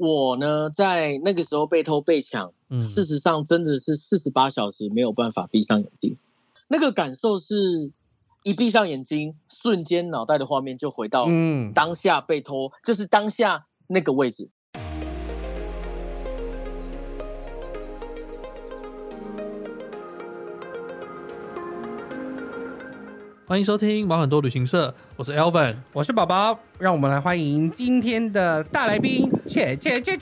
我呢，在那個時候被偷被搶，嗯，事實上真的是四十八小時沒有辦法閉上眼睛，那個感受是一閉上眼睛，瞬間腦袋的畫面就回到嗯，當下被偷，就是當下那個位置。歡迎收聽毛很多旅行社，我是 Elvin，我是寶寶，讓我們來歡迎今天的大來賓，Chester，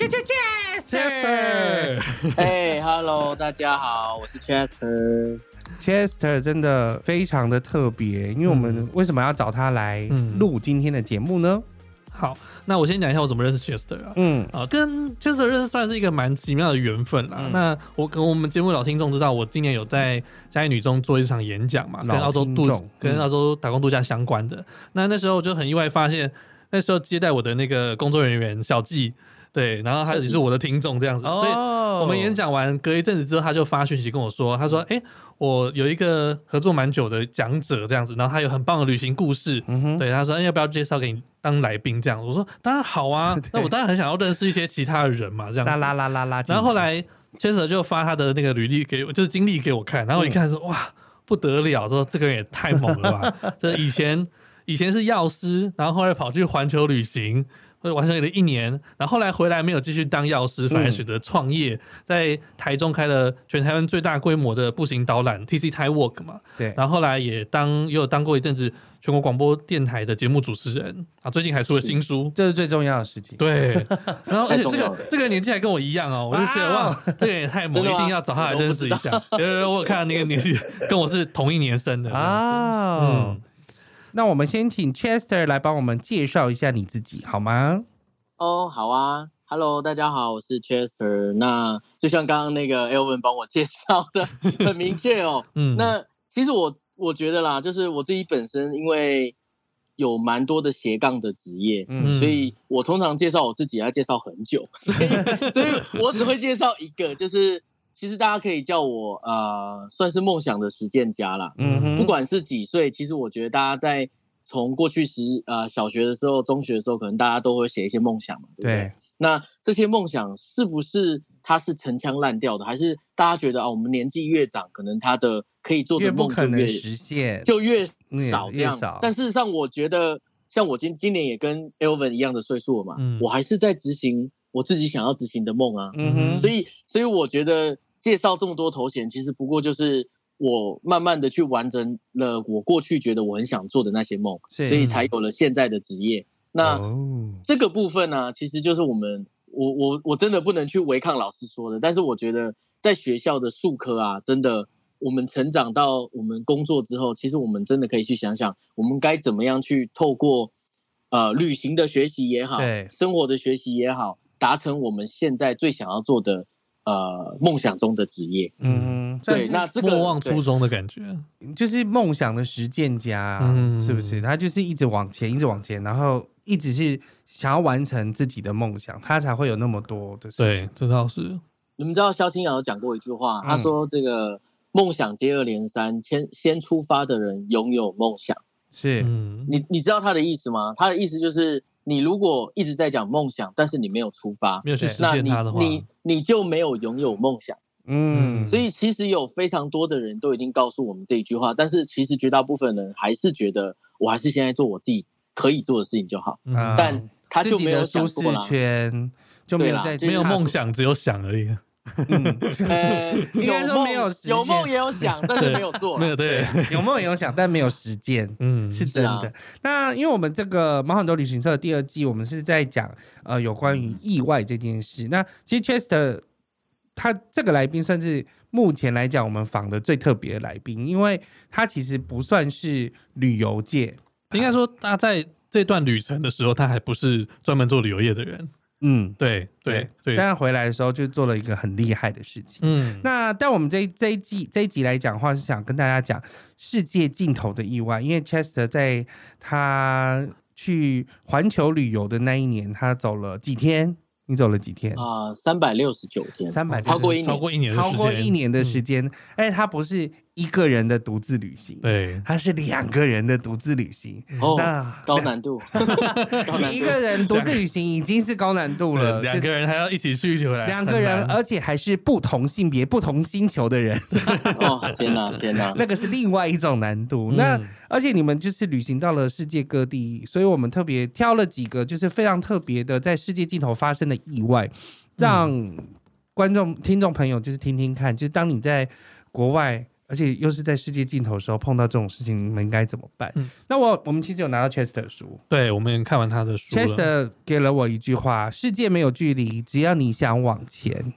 哎、hey，Hello， 大家好，我是 Chester，Chester Chester 真的非常的特別，因為我們為什麼要找他來錄今天的節目呢？嗯嗯好，那我先講一下我怎麼認識 Chester 啊。嗯，啊，跟 Chester 認識算是一個蠻奇妙的緣分啦，嗯。那我跟我們節目老聽眾知道，我今年有在嘉義女中做一場演講嘛，跟澳洲度假，嗯，跟澳洲打工度假相關的。那那時候我就很意外發現，那時候接待我的那個工作人員小紀。對，然後他也是我的聽眾這樣子，oh. 所以我們演講完隔一陣子之後，他就發訊息跟我說：“他說，哎、欸，我有一個合作蠻久的講者這樣子，然後他有很棒的旅行故事，mm -hmm. 對，他說、欸、要不要介紹給你當來賓這樣子？”我說：“當然好啊， 那我當然很想要認識一些其他的人嘛，這樣子。 拉拉拉拉”“啦啦啦啦啦。”然後後來 Chester 就發他的那個履歷給，就是經歷給我看，然後我一看說：“嗯、哇，不得了，說這個人也太猛了吧！這 以前以前是藥師，然後後來跑去環球旅行。”所以完成了一年，然後，後來回來沒有繼續當藥師，反而選擇創業，嗯，在台中開了全台灣最大規模的步行導覽 TC Time Walk 嘛。對。然後後來也當也有當過一陣子全國廣播電台的節目主持人啊，最近還出了新書，是這是最重要的事情。對。然後而且這個這個年紀還跟我一樣哦， 我就希望對這點、個、一定要找他來認識一下。因 為我，對對對我有看到那個年紀 對對對跟我是同一年生的啊，嗯。那我們先請 Chester 來幫我們介紹一下你自己，好嗎？哦、oh，好啊，Hello，大家好，我是 Chester。那就像剛剛那個 Elvin 幫我介紹的， 很明確哦。嗯，那其實我我覺得啦，就是我自己本身因為有蠻多的斜槓的職業，嗯、所以我通常介紹我自己要介紹很久，所以 所以我只會介紹一個，就是。其實大家可以叫我呃，算是夢想的實踐家啦。嗯哼，不管是幾歲，其實我覺得大家在從過去時呃，小學的時候、中學的時候，可能大家都會寫一些夢想嘛，對不對？對，那這些夢想是不是它是陳腔濫調的，還是大家覺得啊、哦，我們年紀越長，可能他的可以做的夢就越，越不可能實現就越少這樣？少，但事實上，我覺得像我今今年也跟 Elvin 一樣的歲數了嘛、嗯，我還是在執行我自己想要執行的夢啊。嗯哼，所以所以我覺得。介紹這麼多頭銜，其實不過就是我慢慢的去完成了我過去覺得我很想做的那些夢、啊，所以才有了現在的職業。那、哦、這個部分呢、啊，其實就是我們，我我我真的不能去違抗老師說的，但是我覺得在學校的術科啊，真的，我們成長到我們工作之後，其實我們真的可以去想想，我們該怎麼樣去透過呃旅行的學習也好，生活的學習也好，達成我們現在最想要做的。呃，夢想中的職業，嗯，對，那這個莫忘初衷的感覺，就是夢想的實踐家、啊，嗯，是不是？他就是一直往前，一直往前，然後一直是想要完成自己的夢想，他才會有那麼多的事情。對這倒是，你們知道蕭青陽有講過一句話、啊嗯，他說：“這個夢想接二連三，先先出發的人擁有夢想。”是，嗯、你你知道他的意思嗎？他的意思就是。你如果一直在講夢想，但是你沒有出發，沒有去實現它的話，你你，你就沒有擁有夢想。嗯，所以其實有非常多的人都已經告訴我們這一句話，但是其實絕大部分人還是覺得，我還是現在做我自己可以做的事情就好。嗯、但他就沒有想過啦，舒適圈就對啦，就沒、是、沒有夢想，只有想而已。 嗯，欸、應該說沒有有夢也有想， 但是沒有做。沒有對，對，有夢也有想，但沒有時間。 嗯，是真的是、啊。那因為我們這個《毛很多旅行社》第二季，我們是在講呃有關於意外這件事。那其實 Chester 他這個來賓算是目前來講我們訪的最特別的來賓，因為他其實不算是旅遊界。應該說，他在這段旅程的時候，他還不是專門做旅遊業的人。嗯，對對對，但他回來的時候就做了一個很厲害的事情。嗯，那但我們這這一季這一集來講的話，是想跟大家講世界盡頭的意外。因為 Chester 在他去環球旅遊的那一年，他走了幾天？你走了幾天？啊、呃，三百六十九天，三百超過一超過一年超過一年的時間。哎，嗯、他不是。一個人的獨自旅行，對，他是兩個人的獨自旅行。哦，那高難度， 高難度，你一個人獨自旅行已經是高難度了，兩個，兩個人還要一起去，一起回來，兩個人，而且還是不同性別、不同星球的人。 哦，天哪，啊，天哪，啊，那個是另外一種難度。那、嗯、而且你們就是旅行到了世界各地，所以我們特別挑了幾個，就是非常特別的，在世界盡頭發生的意外，讓觀眾、嗯、聽眾朋友就是聽聽看，就是當你在國外。而且又是在世界盡頭的時候碰到這種事情，你們該怎麼辦？嗯、那我我們其實有拿到 Chester 的書，對，我們看完他的書，Chester 給了我一句話：“世界沒有距離，只要你想往前。”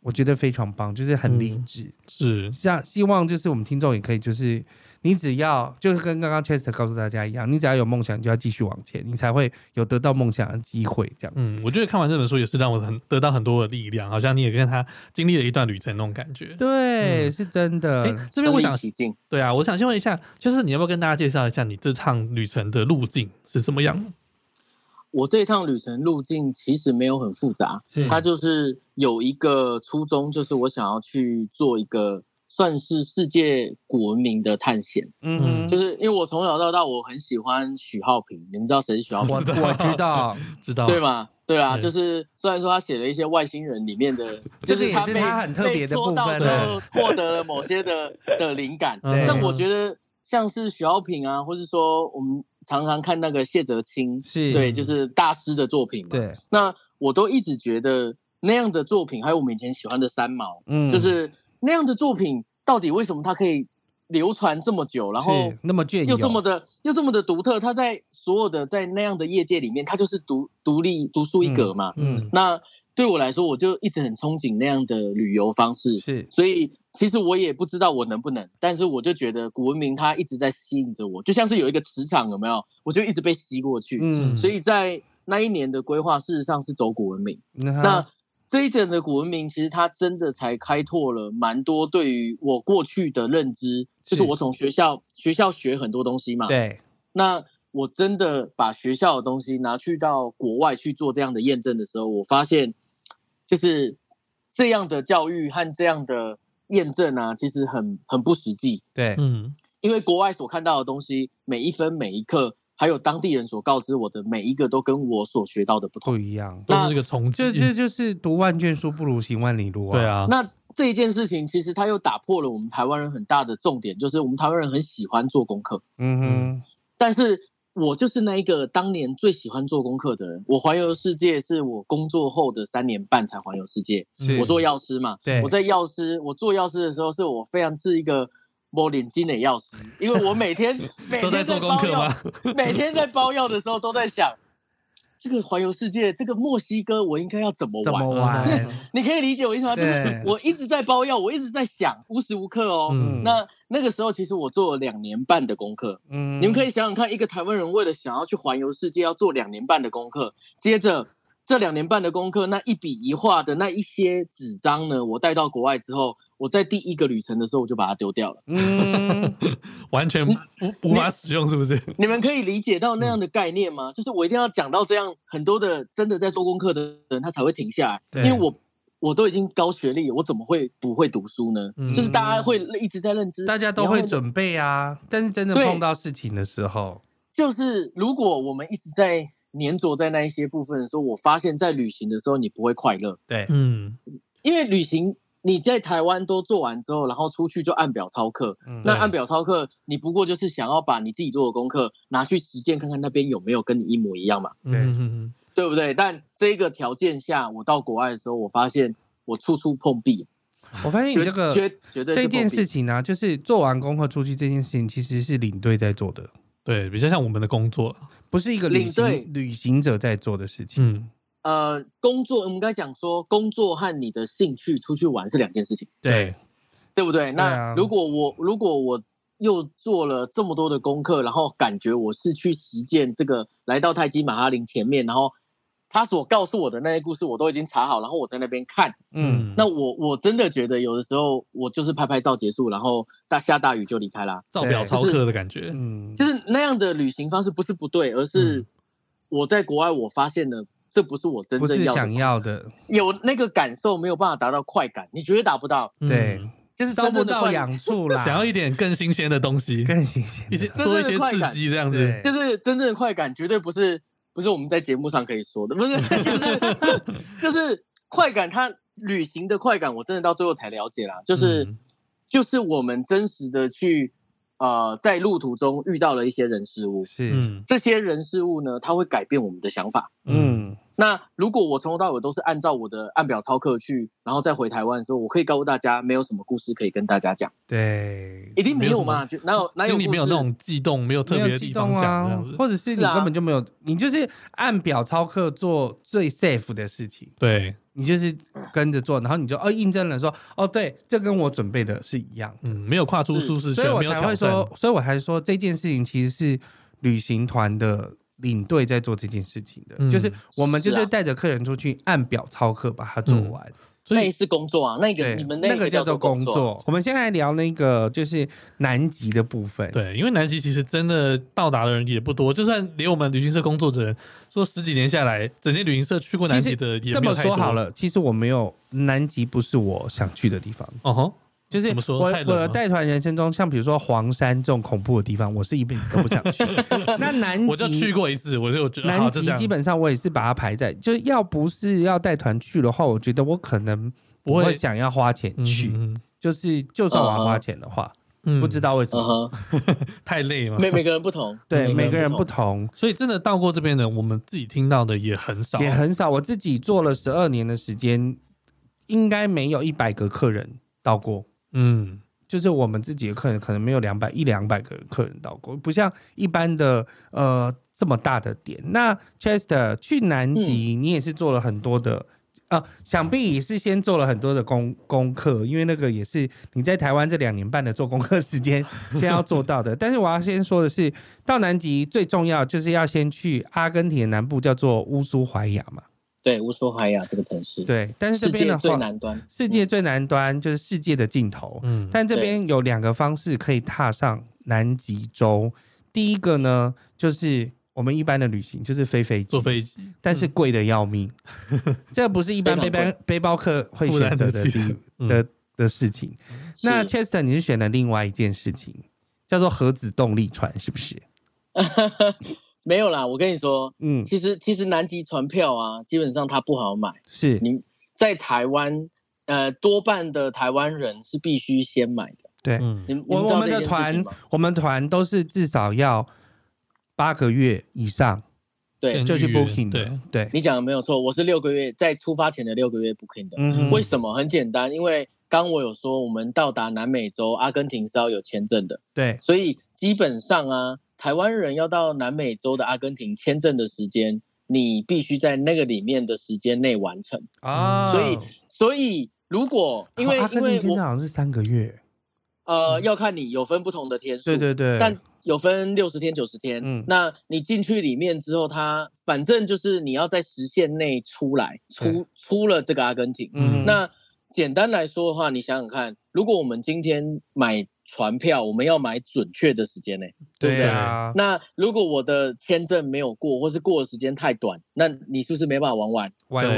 我覺得非常棒，就是很勵志、嗯，是像希望就是我們聽眾也可以就是。你只要就是跟剛剛 Chester 告訴大家一樣，你只要有夢想，你就要繼續往前，你才會有得到夢想的機會。這樣子、嗯，我覺得看完這本書也是讓我很得到很多的力量，好像你也跟他經歷了一段旅程那種感覺。對，嗯、是真的。欸、這邊我想，對啊，我想先問一下，就是你要不要跟大家介紹一下你這趟旅程的路徑是怎麼樣？我這一趟旅程路徑其實沒有很複雜，嗯、它就是有一個初衷，就是我想要去做一個。算是世界古文明的探險，嗯，嗯，就是因為我從小到大我很喜歡許浩平，你們知道誰是許浩平？我知 我知道，知道對嗎？對啊對，就是雖然說他寫了一些外星人裡面的，就是他被說到之後獲得了某些的的靈感，但我覺得像是許浩平啊，或是說我們常常看那個謝哲青，是，對，就是大師的作品嘛。對，那我都一直覺得那樣的作品，還有我們以前喜歡的三毛，嗯，就是。那樣的作品到底為什麼它可以流傳這麼久？然後那麼雋永，又這麼的又這麼的獨特。它在所有的在那樣的業界裡面，它就是獨獨立獨樹一格嘛。嗯，嗯，那對我來說，我就一直很憧憬那樣的旅遊方式。是，所以其實我也不知道我能不能，但是我就覺得古文明它一直在吸引着我，就像是有一個磁場，有沒有？我就一直被吸過去。嗯，所以在那一年的規劃，事實上是走古文明。那這一趟的古文明，其實它真的才開拓了蠻多對於我過去的認知，就是我從學校學校學很多東西嘛。對，那我真的把學校的東西拿去到國外去做這樣的驗證的時候，我發現，就是這樣的教育和這樣的驗證啊，其實很很不實際。對，嗯，因為國外所看到的東西，每一分每一刻。還有當地人所告知我的每一個都跟我所學到的不同，不一樣，都是一個衝擊。這這就是讀萬卷書不如行萬里路啊！對啊，那這一件事情其實它又打破了我們台灣人很大的重點，就是我們台灣人很喜歡做功課。嗯哼，嗯，但是我就是那一個當年最喜歡做功課的人。我環遊世界是我工作後的三年半才環遊世界。我做藥師嘛，對，我在藥師，我做藥師的時候是我非常是一個。摸臉筋的鑰匙，因為我每天每天在包藥，每天在包藥 的時候都在想，這個環遊世界，這個墨西哥我應該要怎麼玩啊？怎麼玩？ 你可以理解我意思嗎？就是我一直在包藥，我一直在想，無時無刻哦。嗯，那那個時候其實我做了兩年半的功課，嗯，你們可以想想看，一個台灣人為了想要去環遊世界，要做兩年半的功課。接着這兩年半的功課，那一筆一畫的那一些紙張呢，我帶到國外之後，我在第一個旅程的時候，我就把它丟掉了。嗯。完全無法使用，是不是？你你，你們可以理解到那樣的概念嗎？嗯，就是我一定要講到這樣，很多的真的在做功課的人，他才會停下來。因為我我都已經高學歷，我怎麼會不會讀書呢？嗯？就是大家會一直在認知，大家都會準備啊。但是真的碰到事情的時候，就是如果我們一直在粘着在那一些部分的時候，我發現，在旅行的時候你不會快樂。對，嗯，因為旅行。你在台灣都做完之後，然後出去就按表操課、嗯。那按表操課，你不過就是想要把你自己做的功課拿去實踐，看看那邊有沒有跟你一模一樣嘛，對，對不對？但這個條件下，我到國外的時候，我發現我處處碰壁。我發現你這個這件事情呢、啊，就是做完功課出去這件事情，其實是領隊在做的。對，比較像我們的工作，不是一個旅行領隊旅行者在做的事情。嗯。呃，工作我們剛才講說，工作和你的興趣出去玩是兩件事情，對，對不對，對、啊？那如果我如果我又做了這麼多的功課，然後感覺我是去實踐這個，來到泰姬瑪哈陵前面，然後他所告訴我的那些故事我都已經查好，然後我在那邊看，嗯，那我我真的覺得有的時候我就是拍拍照結束，然後大下大雨就離開了，照表操課的感覺，嗯，就是那樣的旅行方式不是不對，而是我在國外我發現了。這不是我真正要想要的，有那個感受沒有辦法達到快感，你絕對達不到？對、嗯，就是真正的快感，找不到癢處了，想要一點更新鮮的東西，更新鮮的一些，多一些刺激這樣子。對，就是真正的快感，絕對不是，不是我們在節目上可以說的，不是 就是，就是快感。他旅行的快感，我真的到最後才了解啦，就是、嗯、就是我們真實的去。呃，在路途中遇到了一些人事物，是，這些人事物呢，他會改變我們的想法。嗯，那如果我從頭到尾都是按照我的按表操課去，然後再回台灣的時候，我可以告訴大家，沒有什麼故事可以跟大家講。對，一定沒有嘛？就哪有哪有故事？沒有那種激動，沒有特別的地方講，沒有激動啊，或者是你根本就沒有，啊、你就是按表操課做最 safe 的事情。對。你就是跟着做，然後你就哦，印證了說哦，對，這跟我準備的是一樣，嗯，沒有跨出舒適圈，所以我才會說，所以我還說,說這件事情其實是旅行團的領隊在做這件事情的，嗯、就是我們就是帶着客人出去按表操課、啊，把它做完。嗯類似工作啊，那個你們那個叫做工作。我們先來聊那個就是南極的部分。對，因為南極其實真的到達的人也不多，就算連我們旅行社工作的人，說十幾年下來，整間旅行社去過南極的也不多。這麼說好了，其實我沒有，南極不是我想去的地方。哦吼。就是我我帶團人生中，像比如說黃山這種恐怖的地方，我是一輩子都不想去。 那南極我就去過一次，我就覺得南極基本上我也是把它排在就，就要不是要帶團去的話，我覺得我可能不會想要花錢去。嗯、就是就算我要花錢的話，uh -huh. 不知道為什麼、uh -huh. 太累了嗎？每每。每每個人不同，對，每個人不同，所以真的到過這邊的，我們自己聽到的也很少，也很少。我自己做了十二年的時間，應該沒有一百個客人到過。嗯，就是我們自己的客人可能沒有兩百一兩百個客人到過，不像一般的呃這麼大的點。那 Chester 去南極，你也是做了很多的、嗯、呃想必也是先做了很多的功功課，因為那個也是你在台灣這兩年半的做功課時間先要做到的。 但是我要先說的是，到南極最重要就是要先去阿根廷的南部叫做烏蘇懷亞嘛。對，烏斯懷亞這個城市，對，但是這邊的最南端，世界最南端就是世界的盡頭。嗯，但這邊有兩個方式可以踏上南極洲，嗯。第一個呢，就是我們一般的旅行，就是飛飛機，坐飛機，但是貴的要命，嗯，這不是一般背包背包客會選擇的的的、嗯、的事情。那 Chester，你是選了另外一件事情，叫做核子動力船，是不是？ 沒有啦，我跟你說，嗯，其實其實南極船票啊，基本上它不好買，是你在台灣，呃，多半的台灣人是必須先買的，對，嗯，我我，我們的團，我們團都是至少要八個月以上，對，就去 booking 的，對，對，對，你講的沒有錯，我是六個月在出發前的六個月 booking 的，嗯，為什麼？很簡單，因為剛我有說，我們到達南美洲阿根廷是要有簽證的，對，所以基本上啊。台灣人要到南美洲的阿根廷簽證的時間，你必須在那個裡面的時間內完成啊、哦。所以，所以如果因為、哦、阿根廷簽證好像是三個月，呃、嗯，要看你有分不同的天數，對對對，但有分六十天、九十天。嗯，那你進去裡面之後它，它反正就是你要在時限內出來，出出了這個阿根廷。嗯，那簡單來說的話，你想想看，如果我們今天買。船票我們要買準確的時間呢、欸，對啊、對不對啊？那如果我的簽證沒有過，或是過的時間太短，那你是不是沒辦法玩玩？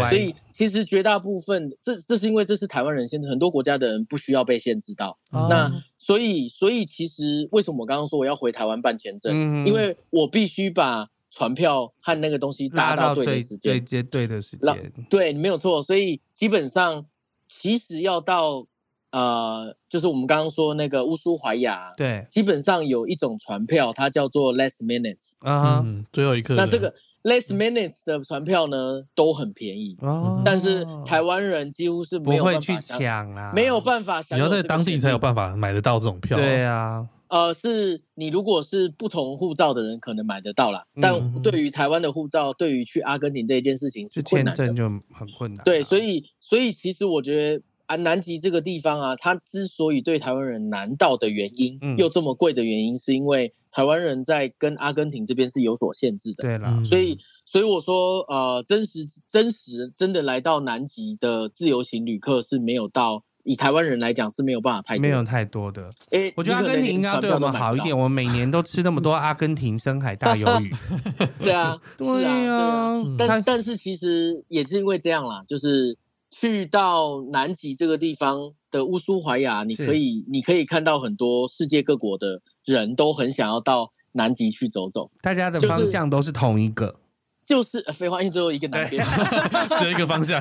所以其實絕大部分，這這是因為這是台灣人限制，很多國家的人不需要被限制到。嗯、那所以所以其實為什麼我剛剛說我要回台灣辦簽證、嗯？因為我必須把船票和那個東西搭到對的時間，對的時間。對，你沒有錯。所以基本上其實要到。呃，就是我們剛剛說那個烏蘇懷亞，對，基本上有一種船票，它叫做 last minutes，啊、嗯嗯，最後一刻是不是。那這個 last minutes 的船票呢，嗯、都很便宜，哦、但是台灣人幾乎是沒有辦法搶啊，沒有辦法，想要在當地才有辦法買得到這種票，啊。對啊，呃，是你如果是不同護照的人，可能買得到了，嗯嗯，但對於台灣的護照，對於去阿根廷這一件事情是簽證就很困難，啊。對，所以，所以其實我覺得。啊，南極這個地方啊，它之所以對台灣人難到的原因，嗯、又這麼貴的原因，是因為台灣人在跟阿根廷這邊是有所限制的。對啦，所以、嗯、所以我說，呃，真實真實真的來到南極的自由行旅客是沒有到，以台灣人來講是沒有辦法太多沒有太多的。哎、欸，我覺得阿根廷應該對我們好一點，我們,一點 我們每年都吃那麼多阿根廷深海大魷魚 對、啊對啊對啊。對啊，對啊，但、嗯、但是其實也是因為這樣啦，就是。去到南極這個地方的烏蘇懷亞，你可以，你可以看到很多世界各國的人都很想要到南極去走走。大家的方向都是同一個，就是飛花信只有一個南邊， 只有一個方向。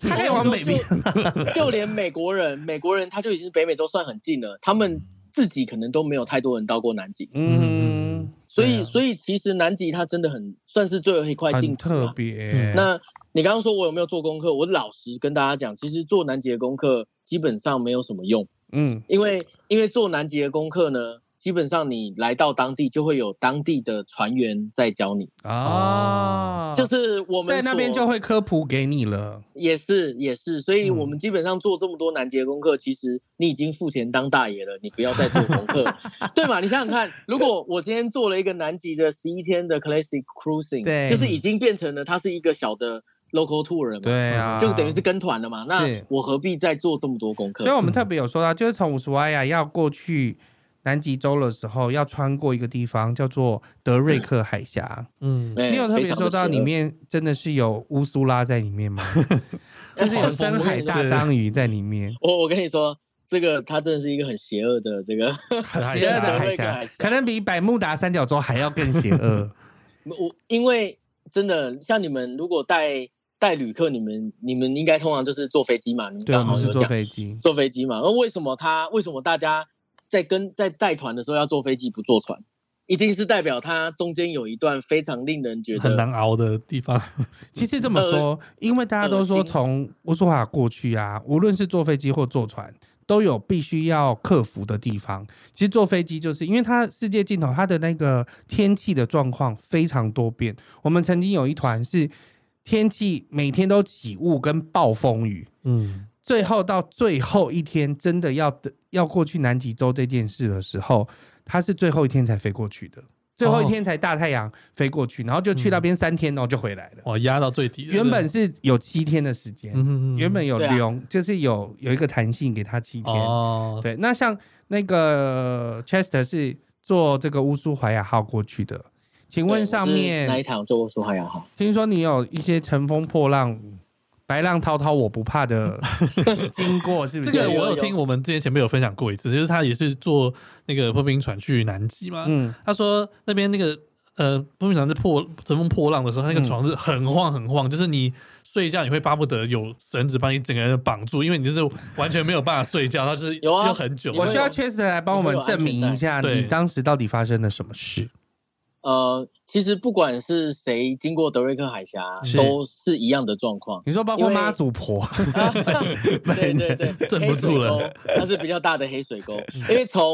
還往北邊，就連美國人，美國人他就已經是北美洲算很近了，他們自己可能都沒有太多人到過南極。嗯，所以，嗯、所以所以其實南極它真的很算是最後一塊淨土特別、欸嗯、 那。你剛剛說我有沒有做功課？我老實跟大家講，其實做南極的功課基本上沒有什麼用。嗯，因為因為做南極的功課呢，基本上你來到當地就會有當地的船員在教你啊、哦，就是我們在那邊就會科普給你了，也是也是，所以我們基本上做這麼多南極的功課，其實你已經付錢當大爺了，你不要再做功課， 對嘛？你想想看，如果我今天做了一個南極的十一天的 classic cruising，對，就是已經變成了它是一個小的。Local tour 人嘛，對啊，就等於是跟團的嘛。那我何必再做這麼多功課？所以，我們特別有說到，就是從烏蘇埃亞要過去南極洲的時候，要穿過一個地方叫做德瑞克海峽，嗯。嗯，你有特別說到裡面真的是有烏蘇拉在裡面嗎？嗯欸，就是有深海大章魚在裡面。 我我跟你說，這個它真的是一個很邪惡的這個邪惡的海峽 可能比百慕達三角洲還要更邪惡。 我因為真的像你們如果帶。帶旅客你，你們你們應該通常就是坐飛機嘛？你們剛好有講坐飛機嘛？那為什麼他為什麼大家在跟在帶團的時候要坐飛機不坐船？一定是代表他中間有一段非常令人覺得很難熬的地方。 其實這麼說，嗯，因為大家都說從烏蘇瓦過去啊，無論是坐飛機或坐船，都有必須要克服的地方。其實坐飛機就是因為它世界盡頭，它的那個天氣的狀況非常多變。我們曾經有一團是。天氣每天都起霧跟暴風雨，嗯，最後到最後一天真的要的要過去南極洲這件事的時候，他是最後一天才飛過去的，最後一天才大太陽飛過去、哦，然後就去那邊三天哦、嗯、就回來了。哇，壓到最低，原本是有七天的時間、嗯嗯，原本有留、啊、就是有有一個彈性給他七天。哦，對，那像那個 Chester 是坐這個烏蘇懷亞號過去的。請問上面哪一趟坐過船，比較好？聽說你有一些“乘風破浪，白浪滔滔我不怕”的經過， 是不是？這個我有聽，我們之前前面有分享過一次，就是他也是坐那個破冰船去南極嘛。嗯，他說那邊那個呃破冰船是破乘風破浪的時候，他那個床是很晃很晃，嗯、就是你睡覺你會巴不得有繩子把你整個人綁住，因為你就是完全沒有辦法睡覺，它 是有、啊、很久了有。我需要 Chester 來幫我們證明一下你，你當時到底發生了什麼事。呃，其實不管是誰經過德瑞克海峽，都是一樣的狀況。你說包括媽祖婆，啊、 對，對對對，黑水溝， 它是比較大的黑水溝。因為從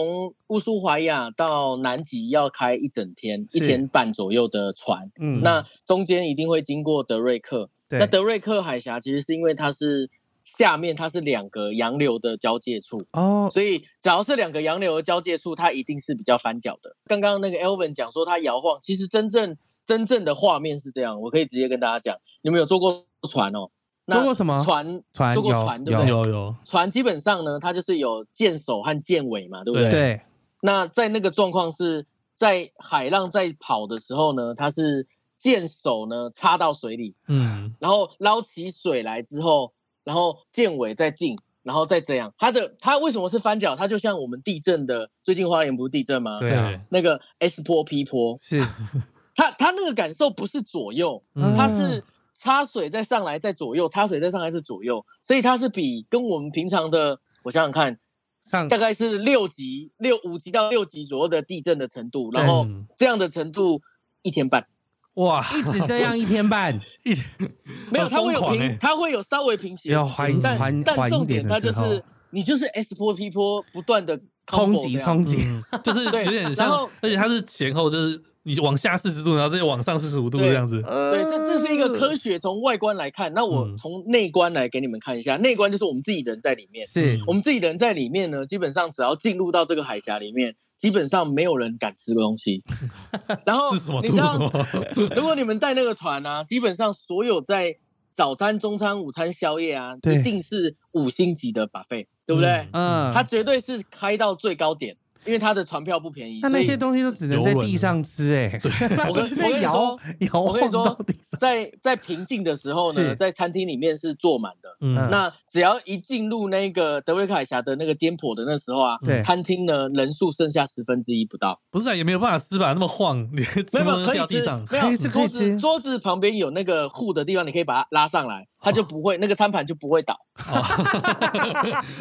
烏蘇懷亞到南極要開一整天，一天半左右的船，嗯，那中間一定會經過德瑞克。那德瑞克海峽其實是因為它是下面它是兩個洋流的交界處哦，oh. 所以只要是兩個洋流的交界處，它一定是比較翻腳的。剛剛那個 Elvin 講說它搖晃，其實真正真正的畫面是這樣，我可以直接跟大家講。你們有坐過船哦？那船坐過什麼船？船坐過船，對不對？有有有，船基本上呢，它就是有艦首和艦尾嘛，對不對？對，對。那在那個狀況是在海浪在跑的時候呢，它是艦首呢插到水裡，嗯，然後撈起水來之後。然後建委再進，然後再這樣。它的它為什麼是翻角？它就像我們地震的，最近花蓮不是地震嗎？對啊，那個 S 波 P 波是。它它那個感受不是左右，它是插水再上來，再左右、嗯、插水再上來是左，左右，所以它是比跟我們平常的，我想想看，大概是六級六五級到六級左右的地震的程度，然後這樣的程度、嗯、一天半。哇，哇，一直這樣一天半， 一沒有、 欸，它會有平，它會有稍微平息，但的但重點它就是你就是 S 波 P 波不斷的衝擊衝擊，就是對， 然後而且它是前後就是你往下四十度，然後再往上四十五度這樣子，對，這這是一個科學。從外觀來看，那我從內觀來給你們看一下，內、嗯、觀就是我們自己的人在裡面，是我們自己的人在裡面呢，基本上只要進入到這個海峽裡面。基本上沒有人敢吃這個東西， 然後你知道， 如果你們帶那個團呢、啊，基本上所有在早餐、中餐、午餐、宵夜啊，一定是五星級的 buffet，對不對？嗯嗯、他它絕對是開到最高點，因為他的船票不便宜，他那些東西都只能在地上吃哎、欸。對， 不不 我跟，我跟你說，我跟你說，在在平靜的時候呢，在餐廳裡面是坐滿的，嗯，那只要一進入那個德雷克海峽的那個顛簸的那時候啊，對，餐廳呢人數剩下十分之一不到。不是啊，也沒有辦法吃吧？那麼晃， 掉到地上沒有，沒有可以吃，沒有可以吃桌子，桌子旁邊有那個護的地方，你可以把它拉上來。他就不會，那個餐盤就不會倒。哦、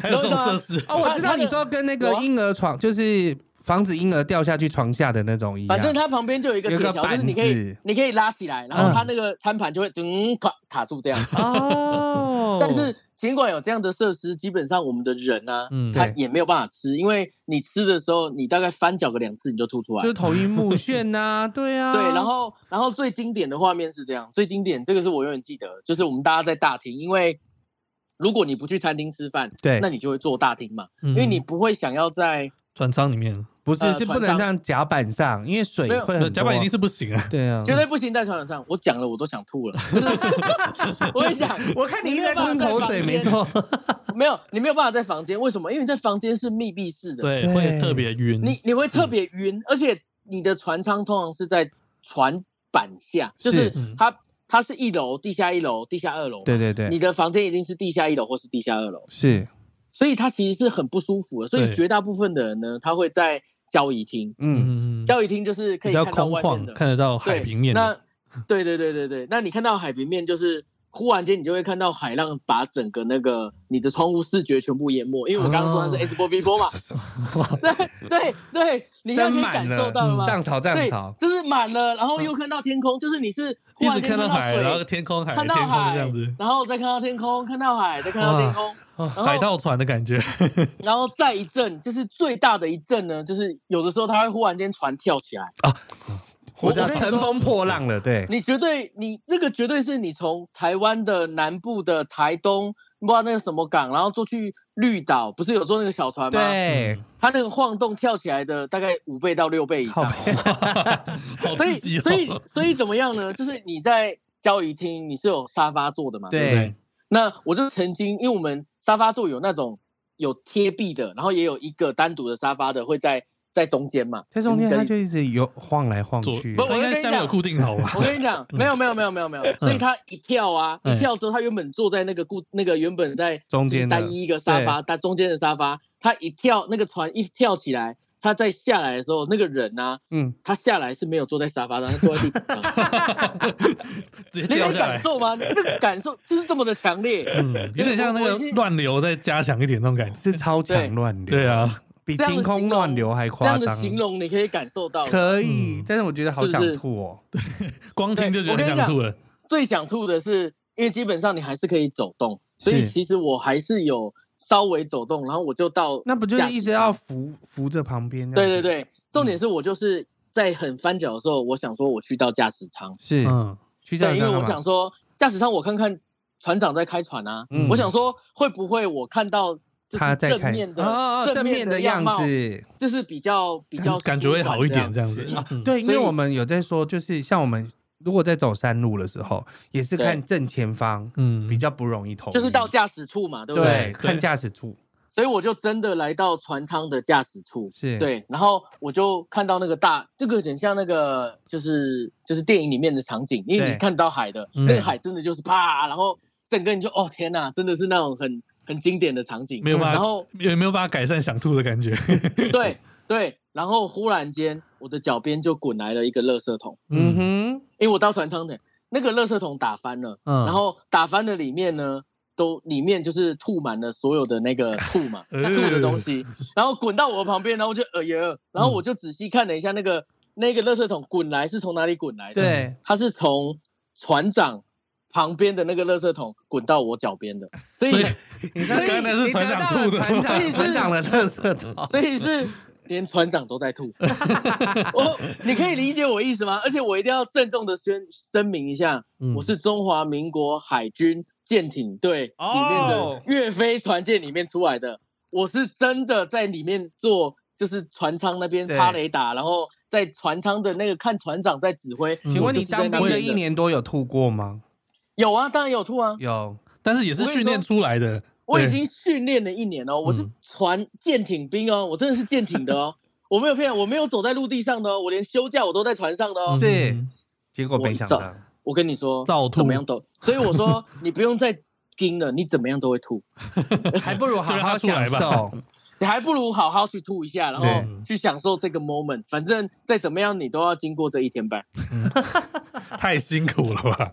還有這種設施哦，我知道你說跟那個嬰兒床，就是防止嬰兒掉下去床下的那種一樣。反正它旁邊就有一個鐵條，就是你可以，你可以拉起來，然後它那個餐盤就會嗯卡卡住這樣。哦。 但是，儘管有這樣的設施，基本上我們的人呢、啊嗯，他也沒有辦法吃，因為你吃的時候，你大概翻攪個兩次，你就吐出來，就是、頭暈目眩吶、啊， 對啊，對。然後，然後最經典的畫面是這樣，最經典這個是我永遠記得，就是我們大家在大廳，因為如果你不去餐廳吃飯，對，那你就會坐大廳嘛、嗯，因為你不會想要在船艙裡面。不是、呃、是不能這樣甲板上，呃、因為水會。甲板一定是不行啊。對啊。絕對不行在船上，上，我講了我都想吐了。就是、 我跟你講，我看你一 直在吞口水，沒錯。 沒有，你沒有辦法在房間，為什麼？因為你在房間是密閉式的，對，會特別暈。你你會特別暈、嗯，而且你的船艙通常是在船板下，就是它是它是一樓，地下一樓，地下二樓。對對對。你的房間一定是地下一樓或是地下二樓。是。所以它其實是很不舒服的，所以絕大部分的人呢，他會在。交易廳，嗯，交易廳就是可以空看到外面的，看得到海平面。那，對對對對對，那你看到海平面就是。忽然間，你就會看到海浪把整個那個你的窗戶視覺全部淹沒，因為我剛剛說的是、oh. S 波 B 波嘛，對 對 對，對對你也可以感受到了嗎？漲、嗯、潮漲潮，就是滿了，然後又看到天空，嗯、就是你是忽然間一直看到海，到水然後天空海看到海這樣子，然後再看到天空，看到海，再看到天空，哦、海盜船的感覺， 然後再一震，就是最大的一震呢，就是有的時候它會忽然間船跳起來啊。我講，乘風破浪了，對。你絕對，你這個絕對是你從台灣的南部的台東，不知道那個什麼港，然後坐去綠島，不是有坐那個小船嗎？對。嗯、它那個晃動跳起來的，大概五倍到六倍以上。 哦、所以所以所以怎麼樣呢？就是你在交誼廳，你是有沙發坐的嘛對？對不對？那我就曾經，因為我們沙發坐有那種有貼壁的，然後也有一個單獨的沙發的，會在。在中間嘛，在中間他就一直有晃來晃去。不，我跟你講，固定好。我跟你講， 沒有沒有沒有沒有沒有。所以他一跳啊，嗯、一跳之後，他原本坐在那個固那個原本在中間單一一個沙發，他中間的沙發，他一跳，那個船一跳起來，他在下來的時候，那個人呢、啊，嗯，他下來是沒有坐在沙發上， 他坐在地上， 直接你有感受嗎？這個感受就是這麼的強烈、嗯，有點像那個亂流再加強一點的那種感覺，是超強亂流對，對啊。比晴空亂流還誇張這。這樣的形容你可以感受到。可以、嗯，但是我覺得好想吐哦。是是對，光聽就覺得很想吐了。最想吐的是，因為基本上你還是可以走動，所以其實我還是有稍微走動，然後我就到那不就是一直要扶扶着旁邊？對對對，重點是我就是在很翻腳的時候、嗯，我想說我去到駕駛艙是嗯去駕因為我想說駕駛艙我看看船長在開船啊，嗯、我想說會不會我看到。正面的他在看啊、哦哦，正面的樣子，就是比較比較感覺會好一點這樣子。啊嗯、對，因為我們有在說，就是像我們如果在走山路的時候，嗯、也是看正前方，嗯，比較不容易頭、嗯。就是到駕駛處嘛，對不對？對對看駕駛處。所以我就真的來到船艙的駕駛處，是對。然後我就看到那個大，這個很像那個，就是就是電影裡面的場景，因為你看到海的，那個海真的就是啪，然後整個人就哦天哪，真的是那種很。很經典的場景，沒有辦法、嗯，然後也沒有辦法改善想吐的感覺？ 對對，然後忽然間，我的腳邊就滾來了一個垃圾桶。嗯哼，因為我到船艙的，那個垃圾桶打翻了，嗯、然後打翻的裡面呢，都裡面就是吐滿了所有的那個吐嘛 吐的東西，然後滾到我旁邊，然後就哎呀、呃，然後我就仔細看了一下那個、嗯、那個垃圾桶滾來是從哪裡滾來的？對，它是從船長。旁邊的那個垃圾桶滾到我腳邊的，所以，所以你，是剛剛是船長吐的，你得到了船長，所以是搶垃圾桶，所以是連船長都在吐。 我，你可以理解我意思嗎？而且我一定要鄭重的宣聲明一下，嗯、我是中華民國海軍艦艇隊裡面的岳飛船艦裡面出來的、哦，我是真的在裡面做，就是船艙那邊擦雷達，然後在船艙的那個看船長在指揮、嗯。請問你當兵的一年多有吐過嗎？有啊，當然有吐啊。有，但是也是訓練出來的。我已經訓練了一年哦、喔，我是船艦艇兵哦、喔嗯，我真的是艦艇的哦、喔， 我沒有騙，我沒有走在陸地上的哦、喔，我連休假我都在船上的哦、喔。是、嗯，結果沒想到。我，我跟你說，造吐怎麼樣都。所以我說， 你不用再撐了，你怎麼樣都會吐， 還不如好好享受。 你還不如好好去吐一下，然後去享受這個 moment。反正再怎麼樣，你都要經過這一天半。嗯、 太辛苦了吧？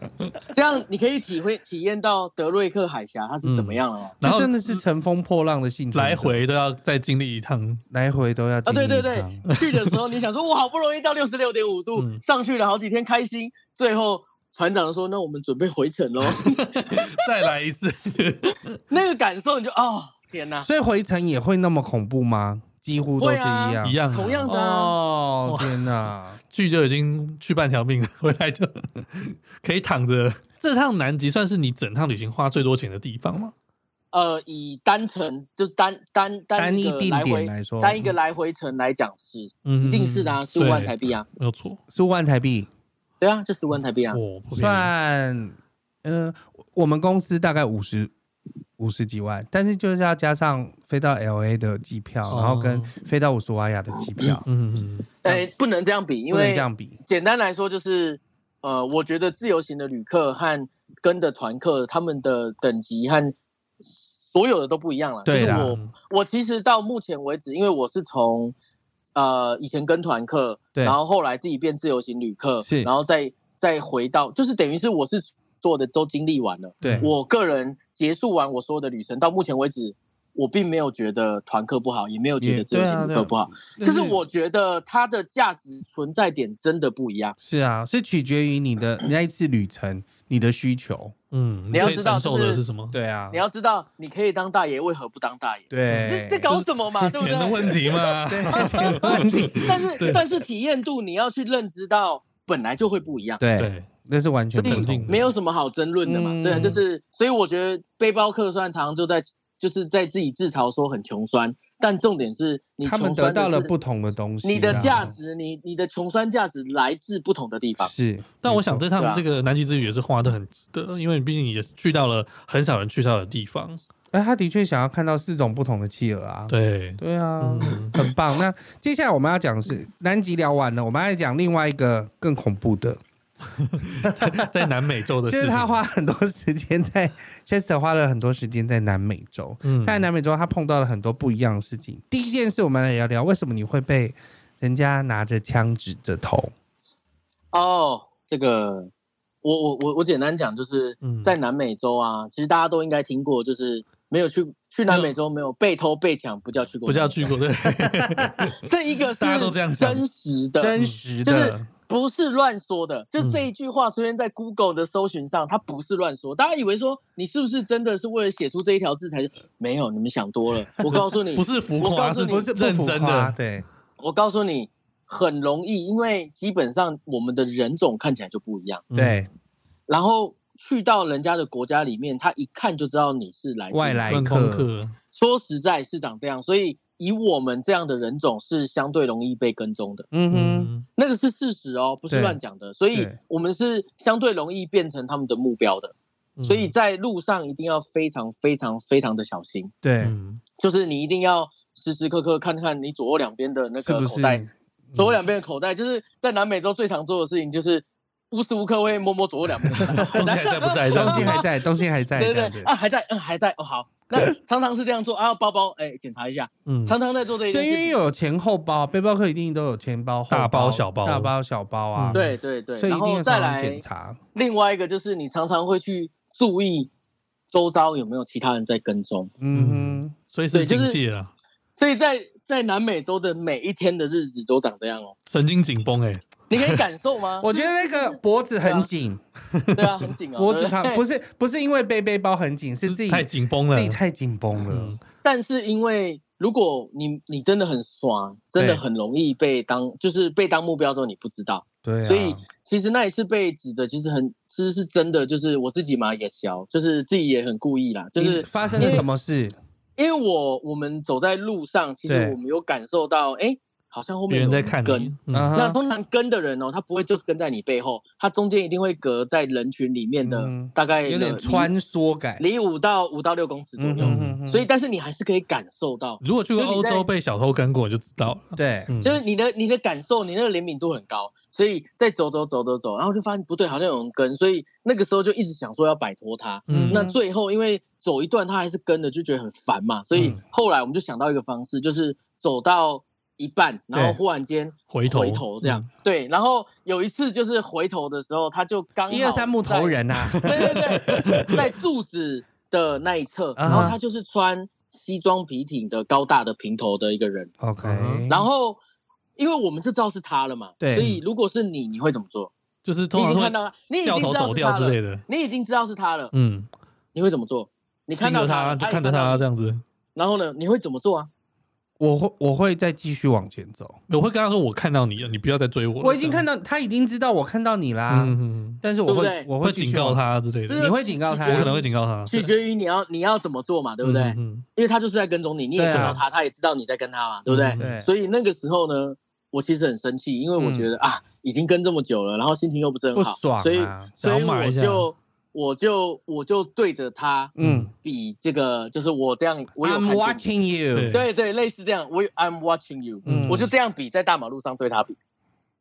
這樣你可以體會、體驗到德瑞克海峽它是怎麼樣了嗎？嗎、嗯？就真的是乘風破浪的性質，來回都要再經歷一趟，來回都要經歷一趟啊。對對對， 去的時候你想說，我好不容易到六十六點五度、嗯、上去了，好幾天開心。最後船長說：“那我們準備回程嘍， 再來一次 。 ”那個感受，你就哦天哪！所以回程也會那麼恐怖嗎？幾乎都是一樣，啊、一樣、啊，同樣的、啊、哦。天哪，去 就已經去半條命了，回來就 可以躺着。這趟南極算是你整趟旅行花最多錢的地方嗎？呃，以單程就單單單一個來回單一定點來說，單一個來回程來講是、嗯，一定是的啊，十五萬台幣啊，沒有錯，十五萬台幣。對啊，這十五萬台幣啊我不，算，呃，我們公司大概五十。五十幾萬，但是就是要加上飛到 L A 的機票，哦，然後跟飛到烏斯懷亞的機票。嗯嗯嗯。欸，不能這樣比，因為這樣比。簡單來說就是，呃，我覺得自由行的旅客和跟的團客他們的等級和所有的都不一樣了。對，就是，我，我其實到目前為止，因為我是從呃以前跟團客，然後後來自己變自由行旅客，是然後再再回到，就是等於是我是做的都經歷完了。對，我個人。結束完我所有的旅程，到目前為止，我並沒有覺得團客不好，也沒有覺得自由行的客不好，就是、啊啊、我覺得它的價值存在點真的不一樣。是，是啊，是取決於你的、嗯、你那一次旅程，嗯、你的需求，嗯，你要知道、就是、你受的是什麼。對啊，你要知道你可以當大爺，為何不當大爺？對，這在、嗯、搞什麼嘛，就是、對不對？錢的問題嘛？ 對，錢的問 題 。但是但是體驗度你要去認知到，本來就會不一樣。對。那是完全認同，沒有什麼好爭論的嘛。嗯、對啊，就是所以我覺得背包客算常、常就在就是在自己自嘲說很窮酸，但重點是，是他們得到了不同的東西。你的價值，啊、你你的窮酸價值來自不同的地方。是，但我想對他、啊、們這個南極之旅也是花的很值得，因為畢竟也是去到了很少人去到的地方。哎、呃，他的確想要看到四種不同的企鵝啊。對，對啊，嗯、很棒。 那接下來我們要講的是南極，聊完了，我們還要講另外一個更恐怖的。 在南美洲的，其實他花很多時間在，Chester 花了很多時間在南美洲。他在南美洲，他碰到了很多不一樣的事情。第一件事，我們來聊聊為什麼你會被人家拿着槍指着頭？哦，這個，我我我我簡單講，就是在南美洲啊，其實大家都應該聽過，就是沒有去去南美洲，沒有被偷被搶，不叫去過，不叫去過對 這一個是大家都這樣講，真實的，真實的、嗯、就是。不是亂說的，就這一句話，雖然在 Google 的搜尋上、嗯，它不是亂說。大家以為說你是不是真的是為了寫出這一條字才是？沒有，你們想多了。我告訴你， 不是浮誇，我告訴你，這都是認真的，不浮誇，對，我告訴你，很容易，因為基本上我們的人種看起來就不一樣。對，然後去到人家的國家裡面，他一看就知道你是來自外來客。說實在，是長這樣，所以。以我們這樣的人種是相對容易被跟蹤的，嗯哼，那個是事實哦，不是亂講的。所以，我們是相對容易變成他們的目標的。所以在路上一定要非常非常非常的小心。對，嗯，就是你一定要時時刻刻看看你左右兩邊的那個口袋，是是左右兩邊的口袋，就是在南美洲最常做的事情，就是無時無刻會摸摸左右兩邊。 還在不在？ 東西還在 東西還在？東西還在？ 對對對，啊，還在，嗯，還在哦，好。那常常是這樣做啊，包包哎，檢、欸、查一下。嗯，常常在做這一件事情。對，因為有前後包，背包客一定都有前包、大包、小包、大包、小包、大包小包啊、嗯。對對對，所以一定要常常然後再來檢查。另外一個就是，你常常會去注意周遭有沒有其他人在跟蹤。嗯哼，所以是警戒了、就是。所以在在南美洲的每一天的日子都長這樣哦，神經緊繃欸你可以感受嗎？ 我覺得那個脖子很緊， 對，啊對啊，很緊啊、哦。 脖子它不是不是因為背背包很緊，是自己太緊繃了，自己太緊繃了。嗯、但是因為如果你你真的很爽，真的很容易被當就是被當目標之後，你不知道，對、啊。所以其實那一次被指的，其實很其實是，是真的，就是我自己嘛也小，就是自己也很故意啦。就是發生了什麼事？因為，因為我我們走在路上，其實我沒有感受到，哎。欸好像後面有人，人在看，啊，跟，嗯，那通常跟的人哦，他不會就是跟在你背後，他中間一定會隔在人群裡面的，嗯、大概有點穿梭感，離五到五到六公尺左右，嗯、哼哼哼，所以但是你還是可以感受到。如果去過歐洲被小偷跟過，就知道就，對，就是你的你的感受，你那個靈敏度很高，所以再走走走走走，然後就發現不對，好像有人跟，所以那個時候就一直想說要擺脫他，嗯哼哼。那最後因為走一段他還是跟的，就覺得很煩嘛，所以後來我們就想到一個方式，就是走到。一半，然後忽然間回頭，回頭這樣、嗯。對，然後有一次就是回頭的時候，他就剛好一二三木頭人吶、啊。對對對， 在柱子的那一側，uh -huh. 然後他就是穿西裝筆挺的高大的平頭的一個人。OK、嗯、然後因為我們就知道是他了嘛，對。所以如果是你，你會怎麼做？就是通常看到你已經知道是他了，你已經知道是他了。嗯，你會怎麼做？你看到他就看着他這樣子。然後呢，你會怎麼做啊？我會我會再繼續往前走，我會跟他說我看到你了，你不要再追我了。我已經看到他，已經知道我看到你啦。嗯哼，但是我會對對我會警告他之類的。就是、你會警告他、啊？我可能會警告他。取決於你要你要怎麼做嘛，對不對？嗯。因為他就是在跟蹤你，你也看到他、啊，他也知道你在跟他嘛，對不對、嗯、對？所以那個時候呢，我其實很生氣，因為我覺得、嗯、啊，已經跟這麼久了，然後心情又不是很好，不爽啊、所以所以我就。我就我就對着他、這個，嗯，比這個就是我這樣，我有。I'm watching you。對對，對，類似這樣，我 I'm watching you、嗯。我就這樣比在大馬路上對他比，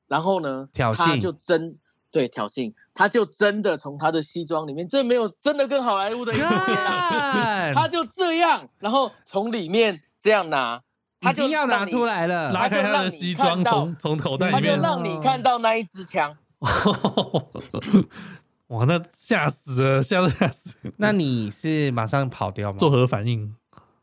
然後呢，挑釁他就真對挑釁，他就真的從他的西裝裡面，這沒有，真的跟好萊塢的一樣、啊， 他就這樣，然後從裡面這樣拿，他就要拿出來了，拉開他的西裝，從從口袋裡面、嗯，他就讓你看到那一支槍。 哇，那嚇死了，嚇死嚇死！那你是馬上跑掉嗎？做何反應？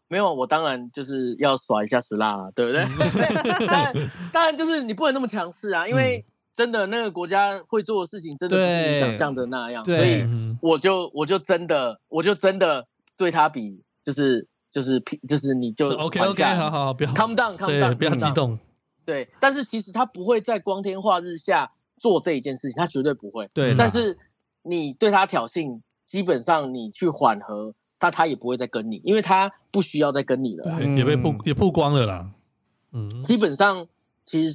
沒有，我當然就是要耍一下死啦，對不對？ 當然就是你不能那麼強勢啊，因為真的那個國家會做的事情，真的不是你想象的那樣。所以我就我就真的我就真的對他比就是就是 p 就是你就、嗯、OK OK，好好，不要 calm down, calm down, 不要激動，對。但是其實他不會在光天化日下做這一件事情，他絕對不會。對，但是。你對他挑釁，基本上你去緩和，那他也不會再跟你，因為他不需要再跟你了、嗯。也被曝也曝光了啦。嗯，基本上其實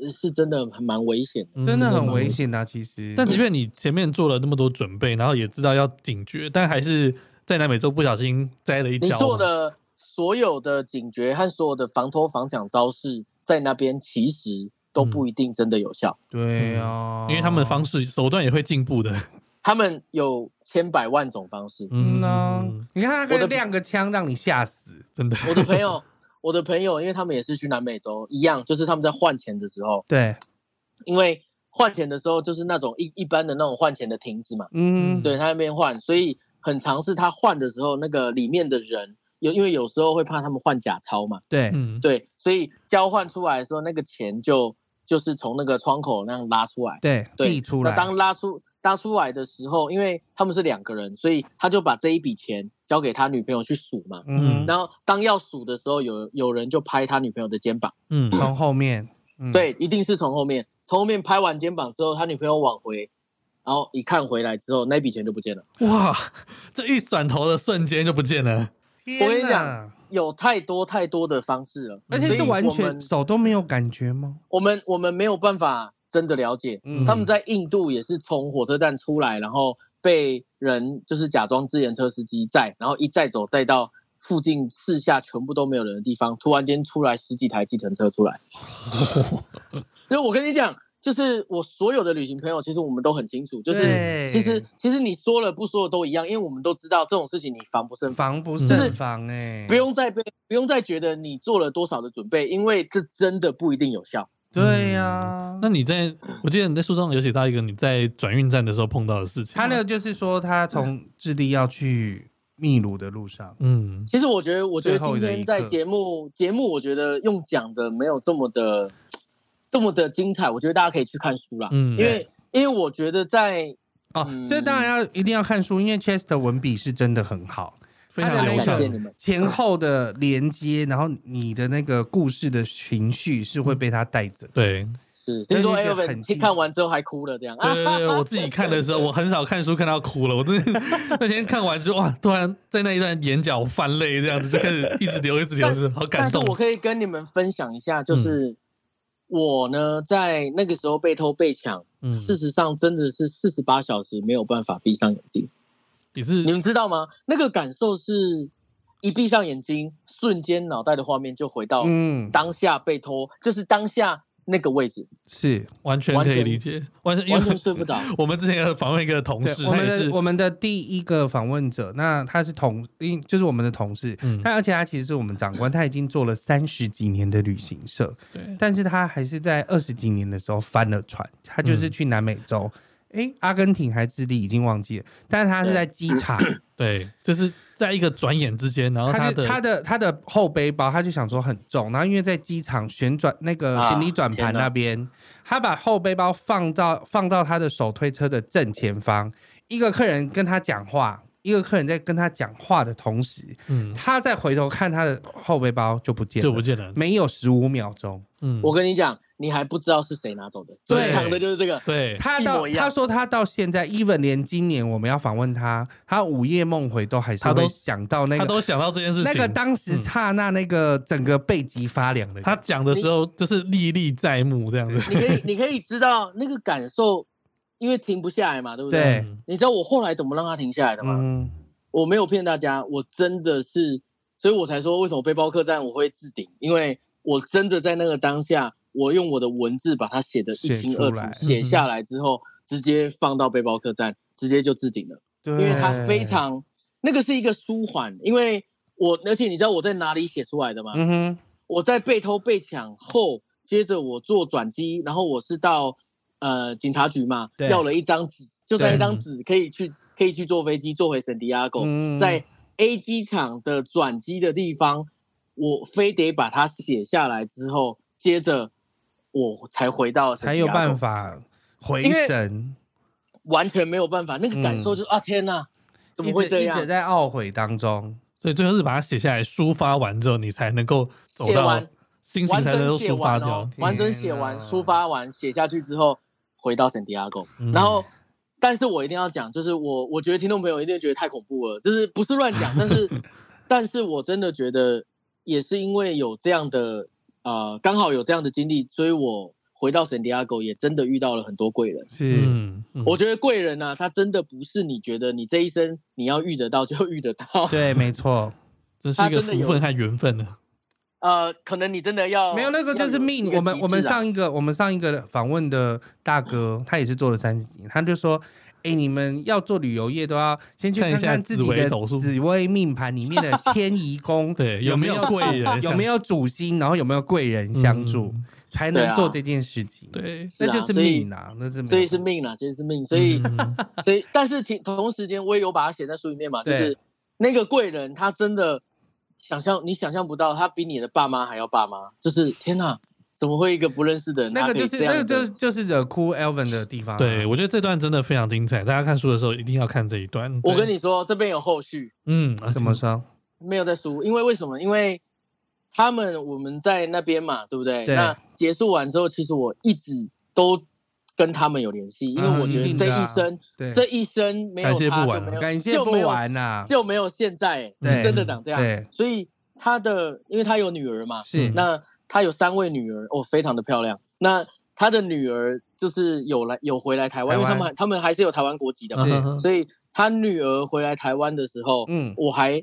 是是真的很蠻危險，真的很危險啊！其實。但即便你前面做了那麼多準備、嗯，然後也知道要警覺，但還是在南美洲不小心栽了一跤。你做的所有的警覺和所有的防偷防搶招式，在那邊其實都不一定真的有效。對啊，嗯、因為他們的方式手段也會進步的。他們有千百萬種方式。嗯吶、哦嗯，你看他可以亮個槍讓你嚇死，真的。我的朋友， 我的朋友，因為他們也是去南美洲，一樣就是他們在換錢的時候。對。因為換錢的時候，就是那種一一般的那種換錢的亭子嘛。嗯。對他在那邊換，所以很常是他換的時候，那個裡面的人有，因為有時候會怕他們換假鈔嘛。對。對，嗯、對所以交換出來的時候，那個錢就就是從那個窗口那樣拉出來。對。對那當拉出。搭出來的時候，因為他們是兩個人，所以他就把這一筆錢交給他女朋友去數嘛。嗯。然後當要數的時候，有有人就拍他女朋友的肩膀。嗯。從後面，嗯。對，一定是從後面。從後面拍完肩膀之後，他女朋友往回，然後一看回來之後，那筆錢就不見了。哇！這一轉頭的瞬間就不見了。我跟你講，有太多太多的方式了，而且是完全手都沒有感覺嗎？我們我們沒有辦法。真的了解，嗯，他們在印度也是從火車站出來，然後被人就是假裝自行車司機載，然後一載走，載到附近四下全部都沒有人的地方，突然間出來十幾台計程車出來。那 我跟你講，就是我所有的旅行朋友，其實我們都很清楚，就是其實其實你說了不說了都一樣，因為我們都知道這種事情你防不勝防，防不勝防，欸，就是防誒，不用再被，不用再覺得你做了多少的準備，因為這真的不一定有效。對呀、啊，嗯，那你在我記得你在書上有寫到一個你在轉運站的時候碰到的事情。 他那個就是說，他從智利要去秘魯的路上。嗯，其實我覺得，我覺得今天在節目、節目，一一目我覺得用講的沒有這麼的，這麼的精彩。我覺得大家可以去看書啦，嗯，因為因為我覺得在、嗯、哦，這當然要一定要看書，因為 Chester 文筆是真的很好。非常的流暢，前後的連接，然後你的那個故事的情緒是會被它帶着，對，是所以說 Aven 看完之後還哭了這樣。對對對，對， 我自己看的時候，我很少看書看到哭了，我真的 那天看完之後，哇，突然在那一段眼角泛淚，這樣子就開始一直流，一直流，是好感動。但是我可以跟你們分享一下，就是、嗯、我呢在那個時候被偷被搶，事實上真的是四十八小時沒有辦法閉上眼睛。你是你們知道嗎？那個感受是，一閉上眼睛，瞬間腦袋的畫面就回到當下被偷，嗯，就是當下那個位置，是完全可以理解，完全完全睡不着。 我們之前有訪問一個同事，我們的我們的第一個訪問者，那他是同，就是我們的同事，嗯、但而且他其實是我們長官，嗯、他已經做了三十幾年的旅行社，對，但是他還是在二十幾年的時候翻了船，他就是去南美洲。嗯誒、欸，阿根廷還智利已經忘記了，但是他是在機場、嗯， 對，就是在一個轉眼之間，然後他的他，他的他的後背包，他就想說很重，然後因為在機場旋轉那個行李轉盤那邊、啊，他把後背包放到放到他的手推車的正前方，一個客人跟他講話。一個客人在跟他講話的同時，嗯，他在回頭看他的後背包，就不見了，就不見了，沒有十五秒鐘，嗯，我跟你講，你還不知道是誰拿走的，嗯、最強的就是這個，對，他到一一他說他到現在，even 連今年我們要訪問他，他午夜夢回都還是他都想到那個、他，都他都想到這件事情，那個當時剎那那個整個背脊發涼的、嗯，他講的時候就是歷歷在目這樣子你， 你可以你可以知道那個感受。因為停不下來嘛，對不對？對。你知道我後來怎麼讓它停下來的嗎？嗯。我沒有騙大家，我真的是，所以我才說為什麼背包客棧我會置頂，因為我真的在那個當下，我用我的文字把它寫得一清二楚，寫出來。嗯。寫下來之後直接放到背包客棧，直接就置頂了。對。因為它非常，那個是一個舒緩，因為我而且你知道我在哪裡寫出來的嗎？嗯哼。我在被偷被搶後，接着我做轉機，然後我是到。呃，警察局嘛，對，要了一張紙，就在一張紙可以去可以去坐飛機，坐回聖地亞哥，在 A 機場的轉機的地方，我非得把它寫下來之後，接着我才回到 Santiago, 才有辦法回神，完全沒有辦法，那個感受就是嗯、啊，天哪，怎麼會這樣？在懊悔當中，所以最後是把它寫下來，抒發完之後，你才能夠走到寫完，心情才都抒發掉、哦，完整寫完，抒發完寫下去之後。回到聖地亞哥，然後，但是我一定要講，就是我，我覺得聽眾朋友一定覺得太恐怖了，就是不是亂講，但是， 但是我真的覺得，也是因為有這樣的、呃、剛好有這樣的經歷，所以我回到聖地亞哥也真的遇到了很多貴人。是，嗯、我覺得貴人呢、啊，他真的不是你覺得你這一生你要遇得到就遇得到。對，沒錯，這是一個福分和緣分了。呃，可能你真的要沒有那個就是命，啊、我們我們上一個我們上一個訪問的大哥，嗯、他也是做了三十幾年，他就說，哎，你們要做旅遊業都要先去看看自己的紫微命盤裡面的遷移宮， 對，有沒有貴人， 有沒有主星， 然後有沒有貴人相助、嗯，才能做這件事情。對，那就是命啊，那是命、啊、所以所以是命啊，就是命。所以， 所以所以，但是同同時間我也有把它寫在書裡面嘛，就是那個貴人他真的。想象你想象不到，他比你的爸媽還要爸媽。就是天哪，怎麼會一個不認識的人，那個就是那個就是就是惹哭 Elvin 的地方啊。對，我覺得這段真的非常精彩，大家看書的時候一定要看這一段。我跟你說，這邊有後續。嗯，啊，什麼時候？沒有在書，因為為什麼？因為他們我們在那邊嘛，對不對，對？那結束完之後，其實我一直都跟他們有聯繫，因為我覺得這一生，嗯、一定的啊、對這一生沒有他就沒有，就沒有完就沒有現在是真的長這樣對。所以他的，因為他有女兒嘛，是、嗯、那他有三位女兒哦，非常的漂亮。那他的女兒就是有來有回來台灣,台灣，因為他們他們還是有台灣國籍的嘛，嘛，所以他女兒回來台灣的時候，嗯，我還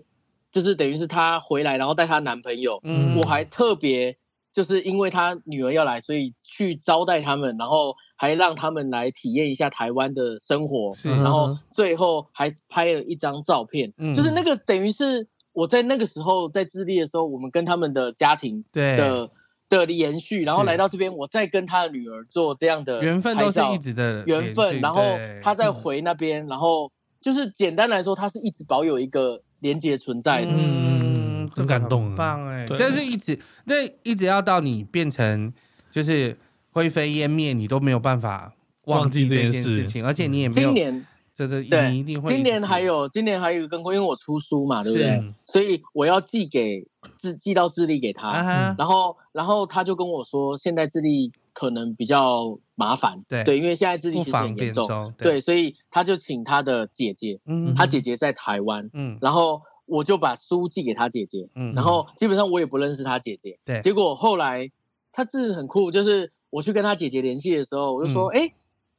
就是等於是他回來，然後帶她男朋友，嗯，我還特別。就是因為他女兒要來，所以去招待他們，然後還讓他們來體驗一下台灣的生活，然後最後還拍了一張照片，嗯，就是那個等於是我在那個時候在智利的時候，我們跟他們的家庭的對的的延續，然後來到這邊，我再跟他的女兒做這樣的緣分都是一直的緣分，然後他再回那邊，然後就是簡單來說，他是一直保有一個連接存在的。嗯嗯很感動，很棒哎、欸！但是一直，那一直要到你變成就是灰飛煙滅，你都沒有辦法忘記這件事情，事而且你也沒有。今年，這這你一定會一。今年還有，今年還有一個更因為我出書嘛，對不對？所以我要寄給寄，寄到智利給他、嗯。然後，然後他就跟我說，現在智利可能比較麻煩，對，對因為現在智利其實很嚴重對，對，所以他就請他的姐姐，嗯，他姐姐在台灣，嗯，然後。我就把書寄給他姐姐，嗯，然後基本上我也不認識他姐姐，對、嗯。結果後來他字很酷，就是我去跟他姐姐聯繫的時候，我就說，哎、嗯，欸，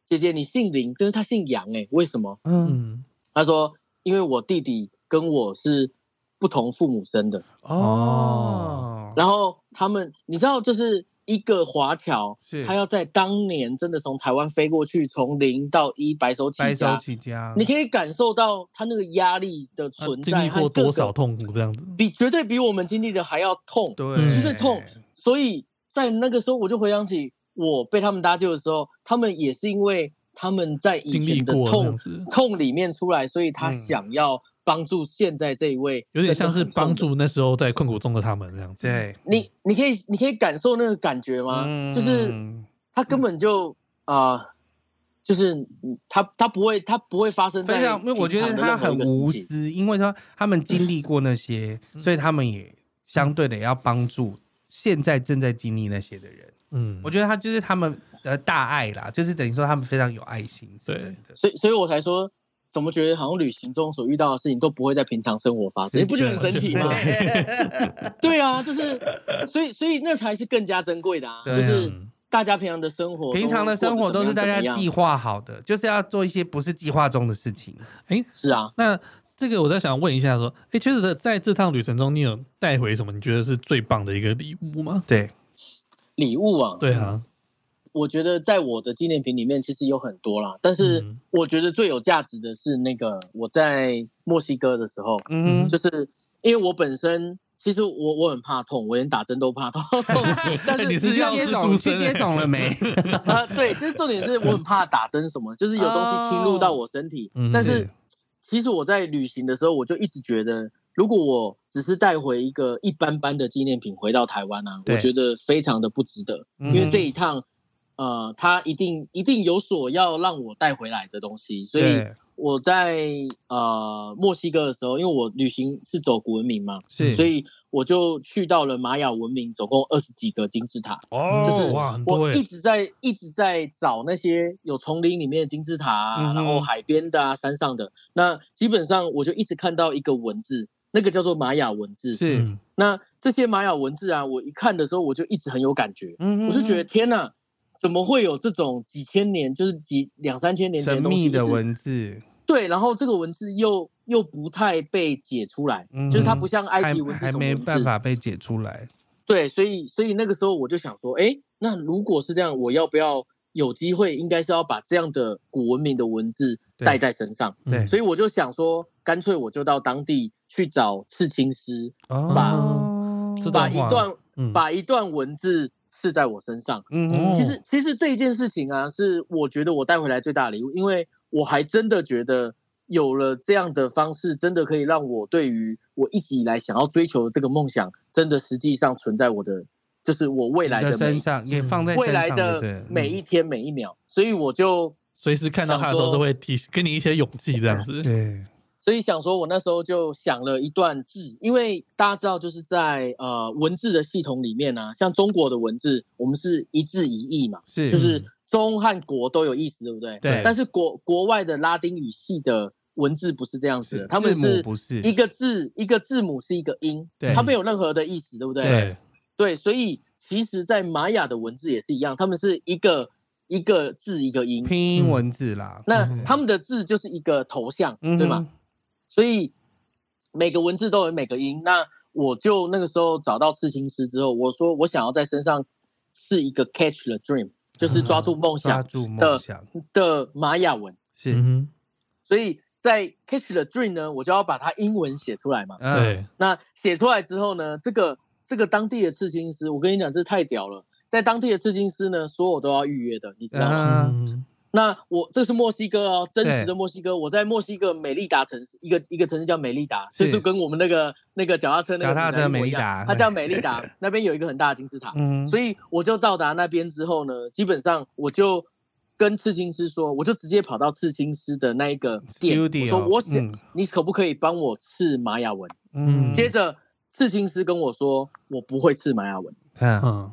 姐姐你姓林，但是他姓楊，哎，為什麼？嗯，嗯，他說，因為我弟弟跟我是不同父母生的哦，然後他們，你知道就是。一個華僑，他要在當年真的從台灣飛過去，從零到一白手起家，白手起家，你可以感受到他那個壓力的存在、啊，經歷過多少痛苦這樣子，比絕對比我們經歷的還要痛，對，嗯，就是對痛。所以在那個時候，我就回想起我被他們搭救的時候，他們也是因為他們在以前的痛的痛裡面出來，所以他想要、嗯。幫助現在這一位，有點像是幫助那時候在困苦中的他們這樣子。對，你你可以你可以感受那個感覺嗎？嗯、就是他根本就啊、嗯呃，就是他他不會他不會發生非常，因為我覺得他很無私，因為他他們經歷過那些、嗯，所以他們也相對的也要幫助現在正在經歷那些的人。嗯，我覺得他就是他們的大愛啦，就是等於說他們非常有愛心，是真的對。所以，所以我才說。怎麼覺得好像旅行中所遇到的事情都不會在平常生活發生？你、欸、不覺得很神奇嗎？對， 對啊，就是，所以所以那才是更加珍貴的啊，啊。就是大家平常的生活，平常的生活都是，的是的都是大家計劃好的，就是要做一些不是計劃中的事情。哎、欸，是啊。那這個我在想問一下，說，哎、欸，確實在，在這趟旅程中，你有帶回什麼？你覺得是最棒的一個禮物嗎？對，禮物啊。對啊。嗯我覺得在我的紀念品裡面其實有很多啦，但是我覺得最有價值的是那個我在墨西哥的時候，嗯哼，就是因為我本身其實我我很怕痛，我連打針都怕痛。 但是 你是要接種？去接種了沒？啊，對，就是重點是我很怕打針什麼， 就是有東西侵入到我身體。嗯、但是其實我在旅行的時候，我就一直覺得，如果我只是帶回一個一般般的紀念品回到台灣啊，我覺得非常的不值得，嗯、因為這一趟。呃，他一定一定有所要讓我帶回來的東西，所以我在呃墨西哥的時候，因為我旅行是走古文明嘛，是嗯、所以我就去到了瑪雅文明，總共二十幾個金字塔，哦、嗯，就是我一直在一直在找那些有叢林裡面的金字塔、啊嗯，然後海邊的啊，山上的那基本上我就一直看到一個文字，那個叫做瑪雅文字，是、嗯、那這些瑪雅文字啊，我一看的時候我就一直很有感覺，嗯、我就覺得天吶、啊！怎麼會有這種幾千年，就是幾兩三千年前的文字？神秘的文字，對。然後這個文字又又不太被解出來、嗯，就是它不像埃及文字什麼文字，還沒辦法被解出來。對，所以所以那個時候我就想說，哎，那如果是這樣，我要不要有機會，應該是要把這樣的古文明的文字帶在身上？對。對嗯、所以我就想說，乾脆我就到當地去找刺青師，哦、把把一段、嗯、把一段文字。是在我身上。嗯，其實其實這一件事情啊，是我覺得我帶回來最大的禮物，因為我還真的覺得有了這樣的方式，真的可以讓我對於我一直以來想要追求的這個夢想，真的實際上存在我的，就是我未來的，你的身上，也放在未來的每一天每一秒，嗯、所以我就隨時看到他的時候，都會提給你一些勇氣這樣子、嗯。對。所以想說，我那時候就想了一段字，因為大家知道，就是在呃文字的系統裡面呢、啊，像中國的文字，我們是一字一義嘛，是就是中和國都有意思，對不對？對。但是國國外的拉丁語系的文字不是這樣子的，他們是不是一個字一個字母是一個音，對，它沒有任何的意思，對不對？對，對，所以其實在瑪雅的文字也是一樣，他們是一個一個字一個音拼音文字啦，那他們的字就是一個頭像，嗯、對嗎？所以每個文字都有每個音。那我就那個時候找到刺青師之後，我說我想要在身上是一個 catch the dream、嗯、就是抓住夢想的瑪雅文。是、嗯。所以在 catch the dream 呢，我就要把它英文寫出來嘛。哎、對。那寫出來之後呢，這個這個當地的刺青師，我跟你講，這太屌了。在當地的刺青師呢，所有我都要預約的，你知道嗎？啊嗯那我這是墨西哥哦，真實的墨西哥。我在墨西哥美利達城市，一個一個城市叫美利達，是就是跟我們那個那個腳踏車那個達一樣腳踏車美利達。它叫美利達，那邊有一個很大的金字塔、嗯。所以我就到達那邊之後呢，基本上我就跟刺青師說，我就直接跑到刺青師的那一個店，Studio, 我說我想、嗯、你可不可以幫我刺瑪雅文？嗯，接着刺青師跟我說，我不會刺瑪雅文。嗯，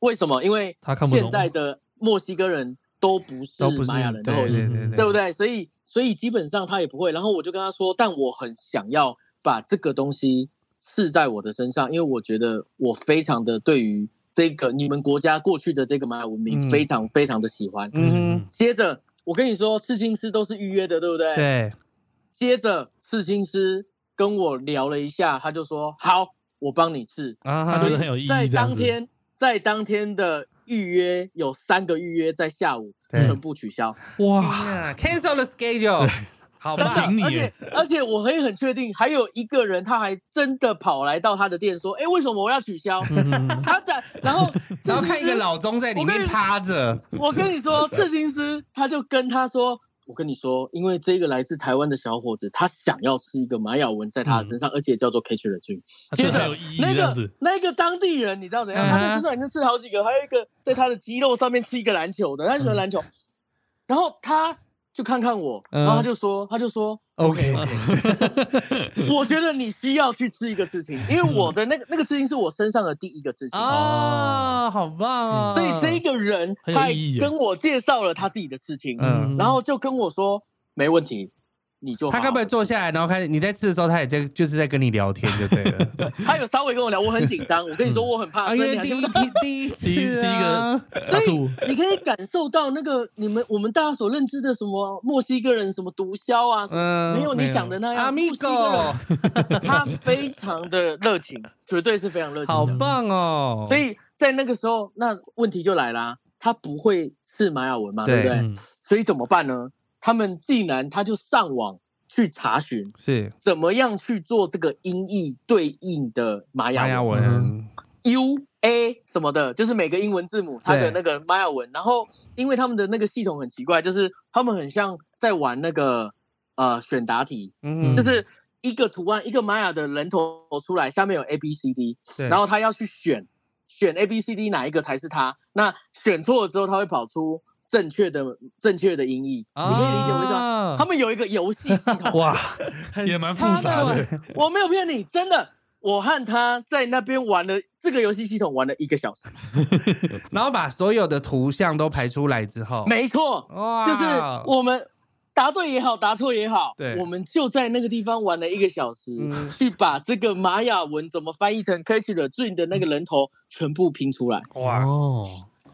為什麼？因為他看不懂。現在的墨西哥人。都不是瑪雅人的後裔，對不對？所以，所以基本上他也不會。然後我就跟他說，但我很想要把這個東西刺在我的身上，因為我覺得我非常的對於這個你們國家過去的這個瑪雅文明非常非常的喜歡。嗯。嗯，接着我跟你說，刺青師都是預約的，對不對？對。接着刺青師跟我聊了一下，他就說：“好，我幫你刺。”啊，他覺得很有意思，在當天，在當天的。預約有三個預約在下午全部取消，哇 yeah，cancel the schedule。 好吧，而且而且我可以很確定還有一個人他還真的跑來到他的店說，哎、 欸，為什麼我要取消？ 他的，然後只要 然後 看一個老中在裡面趴着，我跟你，我跟你說，刺青師他就跟他說。 我跟你說，因為這個來自台灣的小伙子，他想要吃一個馬雅文在他的身上，嗯、而且叫做 Catcher Dream。接着，他他有一那個那個當地人，你知道怎樣、嗯？他在身上已經吃了好幾個，還有一個在他的肌肉上面吃一個籃球的，他喜歡籃球。嗯、然後他。就看看我、嗯，然後他就說，他就說，OK, okay. 我覺得你需要去吃一個刺青， 因為我的那個那個刺青是我身上的第一個刺青啊、嗯，好棒、啊。所以這個人，很有意義、他跟我介紹了他自己的刺青、嗯，然後就跟我說，沒問題。他就好好他根本坐下來，然後開始你在吃的時候，他也在就是在跟你聊天就對了。 他有稍微跟我聊，我很緊張， 我跟你說我很怕，因、嗯、為第一第第一次、啊、 第一個，所以你可以感受到那個你們我們大家所認知的什麼墨西哥人什麼毒梟啊、嗯、沒有，沒有你想的那樣。阿米哥他非常的熱情，絕對是非常熱情。好棒哦！所以在那個時候，那問題就來啦，他不會是馬雅文嘛，對，對不對、嗯？所以怎麼辦呢？他們竟然他就上網去查詢，是怎麼樣去做這個音譯對應的瑪雅文？瑪雅文。嗯，U A 什麼的，就是每個英文字母它的那個瑪雅文。然後因為他們的那個系統很奇怪，就是他們很像在玩那個呃選答題，嗯嗯，就是一個圖案，一個瑪雅的人頭出來，下面有 A B C D，然後他要去選，選 A B C D 哪一個才是他？那選錯了之後，他會跑出。正確的正確的音譯，你可以理解為什麼他們有一個遊戲系統，哇，也蠻複雜的。我沒有騙你，真的，我和他在那邊玩了這個遊戲系統，玩了一個小時， 然後把所有的圖像都排出來之後，沒錯，哦，就是我們答對也好，答錯也好，對，我們就在那個地方玩了一個小時，嗯、去把這個瑪雅文怎麼翻譯成 Catch the Dream 的那個人頭全部拼出來，哇，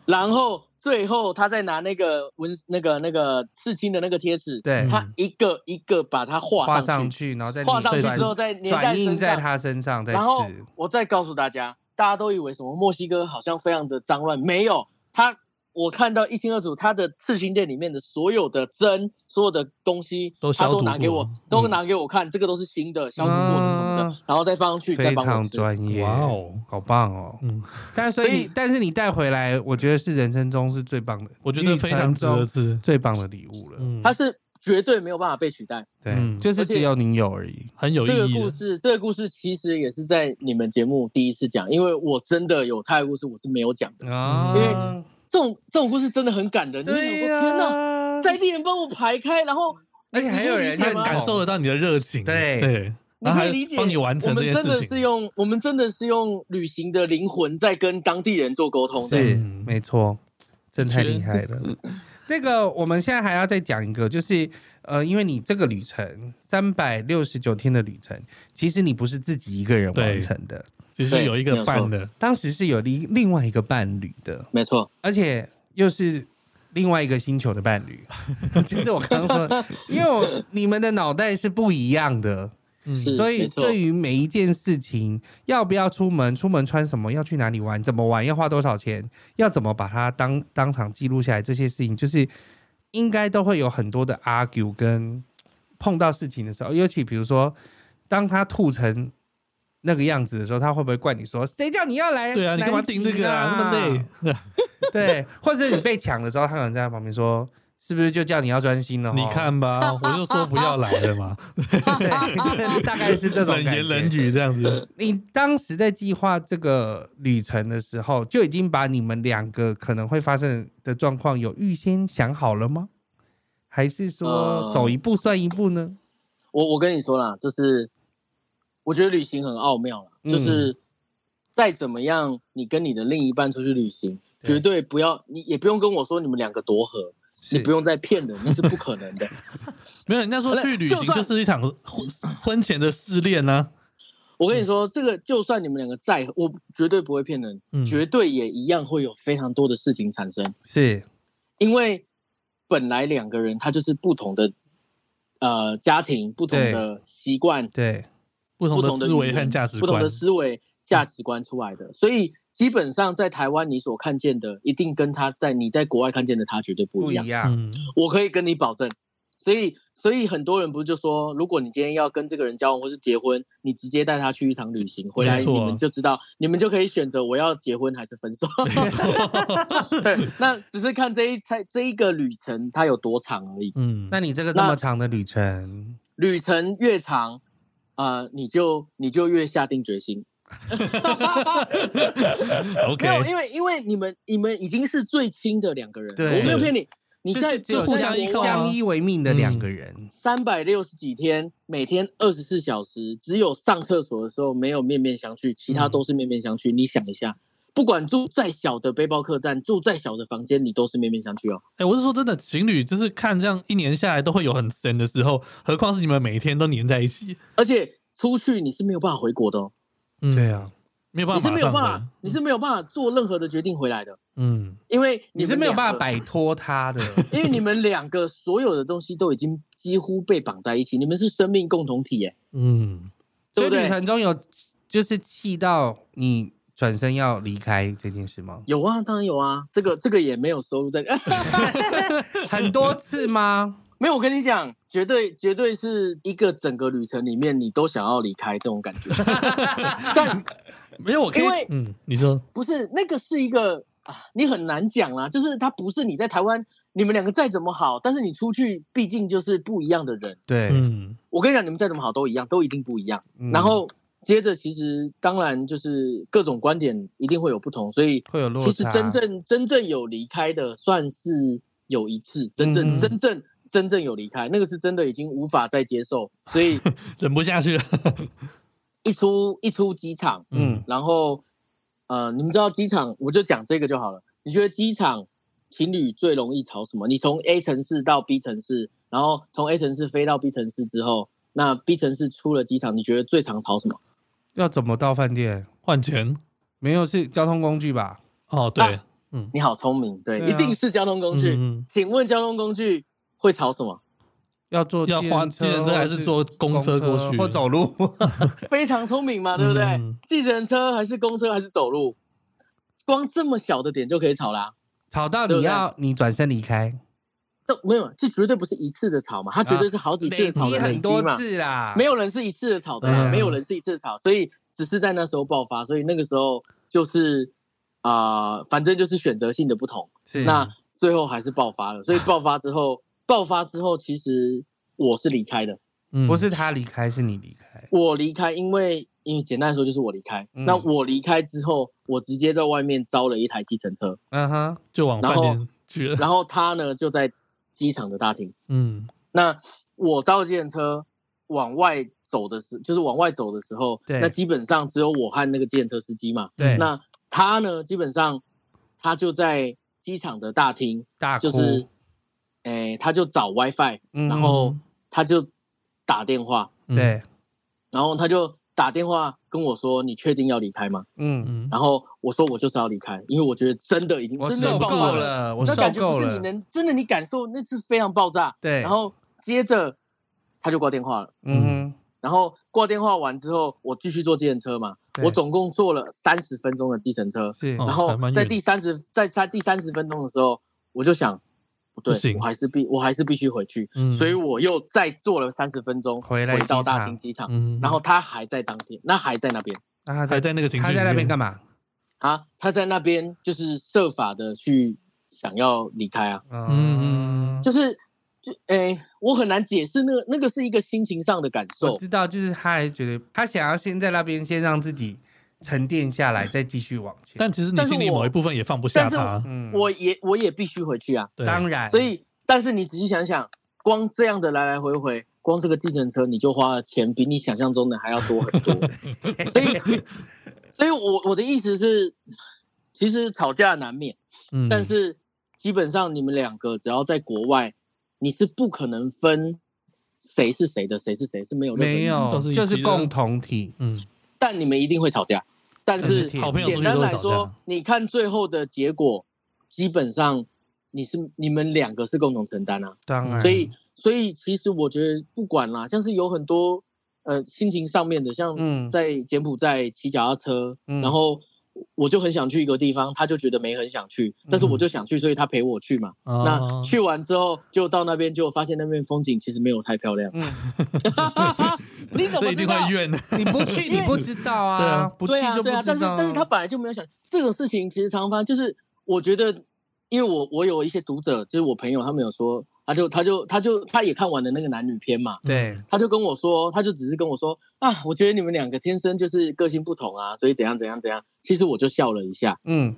然後。最後，他再拿那個紋、那個那個刺青的那個貼紙，對他一個一個把它畫上去上去，然後再畫上去之後再粘在，在他身上在。然後我再告訴大家，大家都以為什麼墨西哥好像非常的髒亂，沒有他。我看到一清二楚，他的刺青店裡面的所有的針，所有的東西，都消毒毒啊、他都拿給我，嗯，都拿給我看，這個都是新的，消毒過的什麼的，啊，然後再放上去，非常專業，哇哦，好棒哦，嗯、但所以，所以，但是你帶回來，我覺得是人生中是最棒的，我覺得非常值得，嗯、最棒的禮物了，它，嗯、是絕對沒有辦法被取代，嗯，對，就是只要你有而已，而很有意義。這個故事，這個故事其實也是在你們節目第一次講，嗯、因為我真的有他的故事，我是沒有講的，啊、因為。這種這種故事真的很感人。啊、你想說天哪，在地人幫我排開，然後、嗯、而且還有人感受得到你的熱情。對對，可以理解。幫你完成這件事情。我們真的是用我們真的是用旅行的靈魂在跟當地人做溝通。對，是沒錯，真的太厲害了。這個我們現在還要再講一個，就是呃，因為你這個旅程三百六十九天的旅程，其實你不是自己一個人完成的，其實有一個伴的，當時是有另另外一個伴侶的。沒錯，而且又是另外一個星球的伴侶，其實我剛剛說， 因為你們的腦袋是不一樣的。嗯，所以對於每一件事情，要不要出門，出門穿什麼，要去哪裡玩，怎麼玩，要花多少錢，要怎麼把它當當場記錄下來，這些事情，就是應該都會有很多的 argue，跟碰到事情的時候，尤其比如說當他吐成那個樣子的時候，他會不會怪你說誰叫你要來啊？對啊，你幹嘛頂那個啊，對不對？對，或者是你被搶的時候，他可能在他旁邊說。是不是就叫你要專心了？你看吧，我就說不要來了嘛 對。大概是這種冷言冷語這樣子。 你當時在計劃這個旅程的時候，就已經把你們兩個可能會發生的狀況有預先想好了嗎？還是說走一步算一步呢？呃、我我跟你說啦，就是我覺得旅行很奧妙啦、嗯、就是再怎麼樣，你跟你的另一半出去旅行，對絕對不要，你也不用跟我說你們兩個多合。你不用再騙人，那是不可能的。 沒有，人家說去旅行就是一場婚婚前的試煉呢。我跟你說，這個就算你們兩個在，我絕對不會騙人、嗯，絕對也一樣會有非常多的事情產生。是因為本來兩個人他就是不同的，呃，家庭，不同的習慣，對，不同的思維和價值觀，不同的思維價值觀出來的，所以。基本上在台灣，你所看見的一定跟他在你在國外看見的他絕對不一樣。不一樣、嗯，我可以跟你保證。所以，所以很多人不是就說，如果你今天要跟這個人交往或是結婚，你直接帶他去一場旅行回來，你們就知道，你們就可以選擇我要結婚還是分手。 沒錯笑對，那只是看這一猜這一個旅程它有多長而已。嗯，那你這個那麼長的旅程，旅程越長，呃，你就你就越下定決心。哈哈哈哈哈！沒有，因為因為你們你們已經是最親的兩個人，對，我沒有騙你，你在互相、就是、相依為命的兩個人、哦嗯，三百六十幾天，每天二十四小時，只有上廁所的時候沒有面面相覷，其他都是面面相覷、嗯。你想一下，不管住再小的背包客棧，住再小的房間，你都是面面相覷哦。哎、欸，我是說真的，情侶就是看這樣一年下來都會有很深的時候，何況是你們每天都黏在一起， 而且出去你是沒有辦法回國的、哦。嗯、對啊，沒有辦法，你是沒有辦法，你是沒有辦法做任何的決定回來的。嗯，因為你，你是沒有辦法擺脫他的，因為你們兩個所有的東西都已經幾乎被綁在一起， 你們是生命共同體。耶。嗯，對對，所以旅程中有就是氣到你轉身要離開這件事嗎？有啊，當然有啊，這個這個也沒有收入在， 很多次嗎？沒有，我跟你講，絕對絕對是一個整個旅程裡面，你都想要離開這種感覺。 但沒有，我可以因、嗯、你說不是，那個是一個、啊、你很難講啊，就是他不是你在台灣，你們兩個再怎麼好，但是你出去畢竟就是不一樣的人。對，嗯，我跟你講，你們再怎麼好都一樣，都一定不一樣。嗯、然後接着，其實當然就是各種觀點一定會有不同，所以會有落差。其實真正真正有離開的，算是有一次，真正、嗯、真正。真正有離開，那個是真的已經無法再接受，所以 忍不下去了 一。一出一出機場，嗯，然後呃，你們知道機場，我就講這個就好了。你覺得機場情侶最容易吵什麼？你從 A 城市到 B 城市，然後從 A 城市飛到 B 城市之後，那 B 城市出了機場，你覺得最常吵什麼？要怎麼到飯店換錢？沒有，是交通工具吧？哦，對，啊、嗯，你好聰明，對，對、啊，一定是交通工具。嗯嗯請問交通工具，會吵什麼？要坐計程車還是坐公車過去，或，或走路 ？非常聰明嘛， 嗯、對不對？計程車還是公車還是走路？光這麼小的點就可以吵啦，啊！吵到你要對對你轉身離開？這沒有，這絕對不是一次的吵嘛，它絕對是好幾次吵，啊、很多次啦。沒有人是一次的吵的啦，啊，沒有人是一次的吵，所以只是在那時候爆發，所以那個時候就是啊、呃，反正就是選擇性的不同是，那最後還是爆發了。所以爆發之後。 爆發之後，其實我是離開的、嗯，不是他離開，是你離開。我離開，因為因為簡單來說就是我離開、嗯。那我離開之後，我直接在外面招了一台計程車，嗯哼，就往外面去。然後，然後他呢，就在機場的大廳。嗯，那我招計程車往外走的時，就是往外走的時候，那基本上只有我和那個計程車司機嘛。對，那他呢，基本上他就在機場的大廳，大廳就是。哎，他就找 WiFi、嗯、然後他就打電話，對、嗯，然後他就打電話跟我說：“你確定要離開嗎？”嗯嗯，然後我說：“我就是要離開，因為我覺得真的已經真的爆炸了，我受夠了。”那感覺不是你能真的你感受，那次非常爆炸。對，然後接着他就掛電話了。嗯，嗯然後掛電話完之後，我繼續坐計程車嘛，我總共坐了三十分鐘的計程車是，然後在第三十在、哦、在第三十分鐘的時候，我就想。不對，我還是必，我還是必須回去、嗯，所以我又再坐了三十分鐘，回到大興機場、嗯，然後他還在當天，那還在那邊，那、嗯、還在那個情，他在那邊幹嘛？啊，他在那邊就是設法的去想要離開啊，嗯嗯，就是就誒、欸，我很難解釋那個那個是一個心情上的感受，我知道，就是他還覺得他想要先在那邊先讓自己。沉澱下來，再繼續往前。但其實你心裡某一部分也放不下他。但是我，但是我也我也必須回去啊。當然。嗯。所以，但是你仔細想想，光這樣的來來回回，光這個計程車你就花了錢，比你想象中的還要多很多。 所以，所以我我的意思是，其實吵架難免。嗯。但是基本上你們兩個只要在國外，你是不可能分誰是誰的，誰是誰是沒有沒有、那個，就是共同體。嗯。但你們一定會吵架。但是，簡單來說，你看最後的結果，基本上你是你們兩個是共同承擔啊，嗯，當然，嗯，所以所以其實我覺得不管啦，像是有很多呃心情上面的，像在柬埔寨騎腳踏車，嗯、然後。我就很想去一個地方，他就覺得沒很想去，但是我就想去，所以他陪我去嘛。嗯、那去完之後，就到那邊就發現那邊風景其實沒有太漂亮。嗯、 你怎麼這麼呢？你不去你不知道啊，對啊，對啊，對啊，不去就不知道、啊對啊對啊。但是但是他本來就沒有想這個事情，其實常常發生就是我覺得，因為我我有一些讀者，就是我朋友，他們有說。他就他就他就他也看完了那個男女片嘛，對，他就跟我說，他就只是跟我說啊，我覺得你們兩個天生就是個性不同啊，所以怎樣怎樣怎樣。其實我就笑了一下，嗯，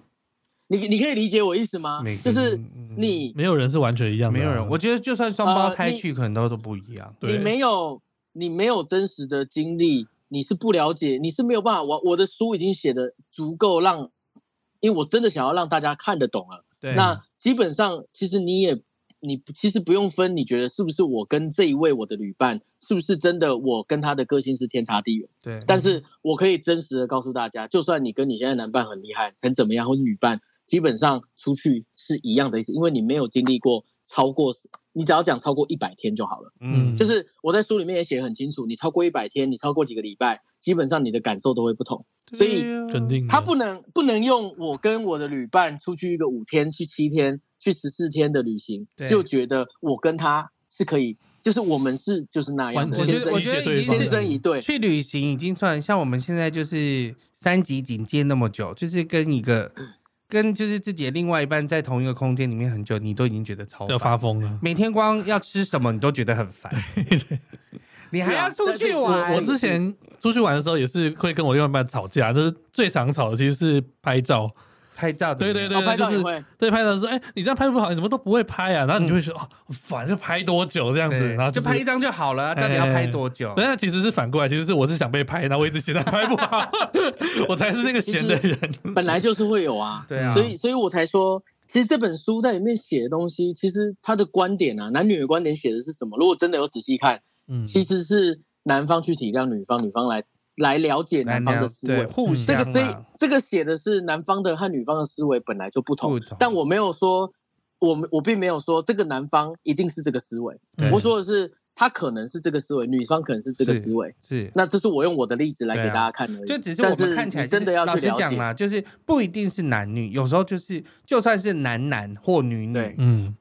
你你可以理解我意思嗎？就是你、嗯、沒有人是完全一樣的、啊，沒有人，我覺得就算雙胞胎去可能都都不一樣。呃、你,對你沒有你沒有真實的經歷，你是不了解，你是沒有辦法。我我的書已經寫得足夠讓，因為我真的想要讓大家看得懂了、啊。那基本上其實你也。你其實不用分，你覺得是不是我跟這一位我的旅伴，是不是真的我跟他的個性是天差地遠？對、嗯。但是我可以真實的告訴大家，就算你跟你現在男伴很厲害，很怎麼樣，或者女伴，基本上出去是一樣的意思，因為你沒有經歷過超過，你只要講超過一百天就好了。嗯，就是我在書裡面也寫很清楚，你超過一百天，你超過幾個禮拜，基本上你的感受都會不同。所以肯定、啊、他不能不能用我跟我的旅伴出去一個五天去七天。去十四天的旅行，對，就覺得我跟他是可以，就是我們是就是那樣的天生，我覺得，我覺得已經天生一對。去旅行已經算像我們現在就是三級警戒那麼久，就是跟一個、嗯、跟就是自己的另外一半在同一個空間裡面很久，你都已經覺得超要發瘋了。每天光要吃什麼，你都覺得很煩。 你還要出去玩，啊？我之前出去玩的時候也是會跟我另外一半吵架，就是最常吵的其實是拍照。拍照是是對對對，對，對、哦，拍就是對拍照說，哎、欸，你這樣拍不好，你怎麼都不會拍啊？然後你就會說，嗯、哦，反正拍多久這樣子，然後、就是、就拍一張就好了，那你要拍多久？那其實是反過來，其實是我是想被拍，然後我一直嫌他拍不好， 我才是那個閒的人。本來就是會有啊， 對啊，所以所以我才說，其實這本書在裡面寫的東西，其實他的觀點啊，男女的觀點寫的是什麼？如果真的有仔細看，嗯、其實是男方去體諒女方，女方來。來了解男方的思維，這個這這個寫的是男方的和女方的思維本來就不同，不同，但我沒有說，我們我並沒有說這個男方一定是這個思維，我說的是他可能是這個思維，女方可能是這個思維，是，是，那這是我用我的例子來給大家看的、啊，就只是我們看起來、就是、是真的要了解，老實講嘛，就是不一定是男女，有時候就是就算是男男或女女，嗯。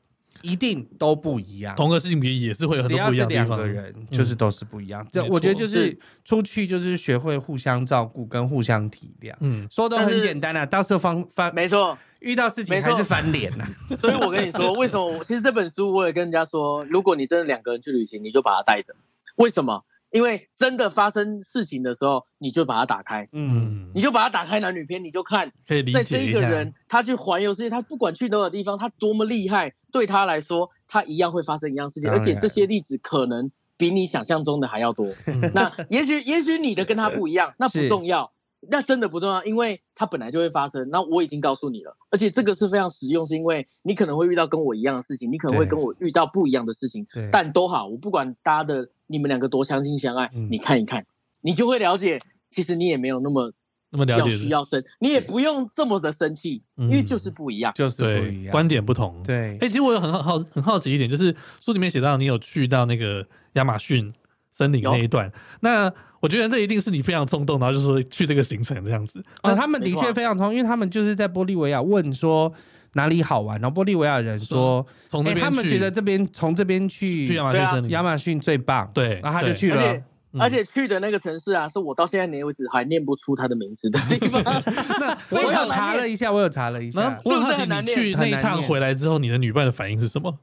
一定都不一樣，同個事情也也是會有很多不一樣的地方。只要是兩個人，就是都是不一樣。這我覺得就是出去就是學會互相照顧跟互相體諒。嗯，說都很簡單啊，到時候翻翻，沒錯，遇到事情還是翻臉吶、啊。所以我跟你說，為什麼？其實這本書我也跟人家說，如果你真的兩個人去旅行，你就把它帶着。為什麼？因為真的發生事情的時候，你就把它打開，嗯，你就把它打開男女篇，你就看。離離在這一個人他去環遊世界，他不管去多少地方，他多麼厲害，對他來說，他一樣會發生一樣事情。而且這些例子可能比你想象中的還要多。 那也許也許你的跟他不一樣， 那不重要，那真的不重要，因為他本來就會發生。那我已經告訴你了，而且這個是非常實用，是因為你可能會遇到跟我一樣的事情，你可能會跟我遇到不一樣的事情，對，但都好，我不管大家的。你們兩個多相親相愛，嗯，你看一看，你就會了解。其實你也沒有那麼那麼了解，需要生，你也不用這麼的生氣，因為就是不一樣，嗯、就是不一樣對，觀點不同。對，哎、欸，其實我有很好好很好奇一點，就是書裡面寫到你有去到那個亞馬遜森林那一段，那我覺得這一定是你非常衝動，然後就說去這個行程這樣子。啊、哦，那他們的確非常衝動、啊，因為他們就是在玻利維亞問說。哪裡好玩？然後玻利維亞人說，從、嗯、那邊去，欸，他們覺得這邊從這邊去亞馬遜，亞馬遜最棒。對，然後他就去了而，嗯。而且去的那個城市啊，是我到現在年為止還念不出他的名字的地方。 我有查了一下，我有查了一下，啊、的是不是很難念？去那一趟回來之後，你的女伴的反應是什麼？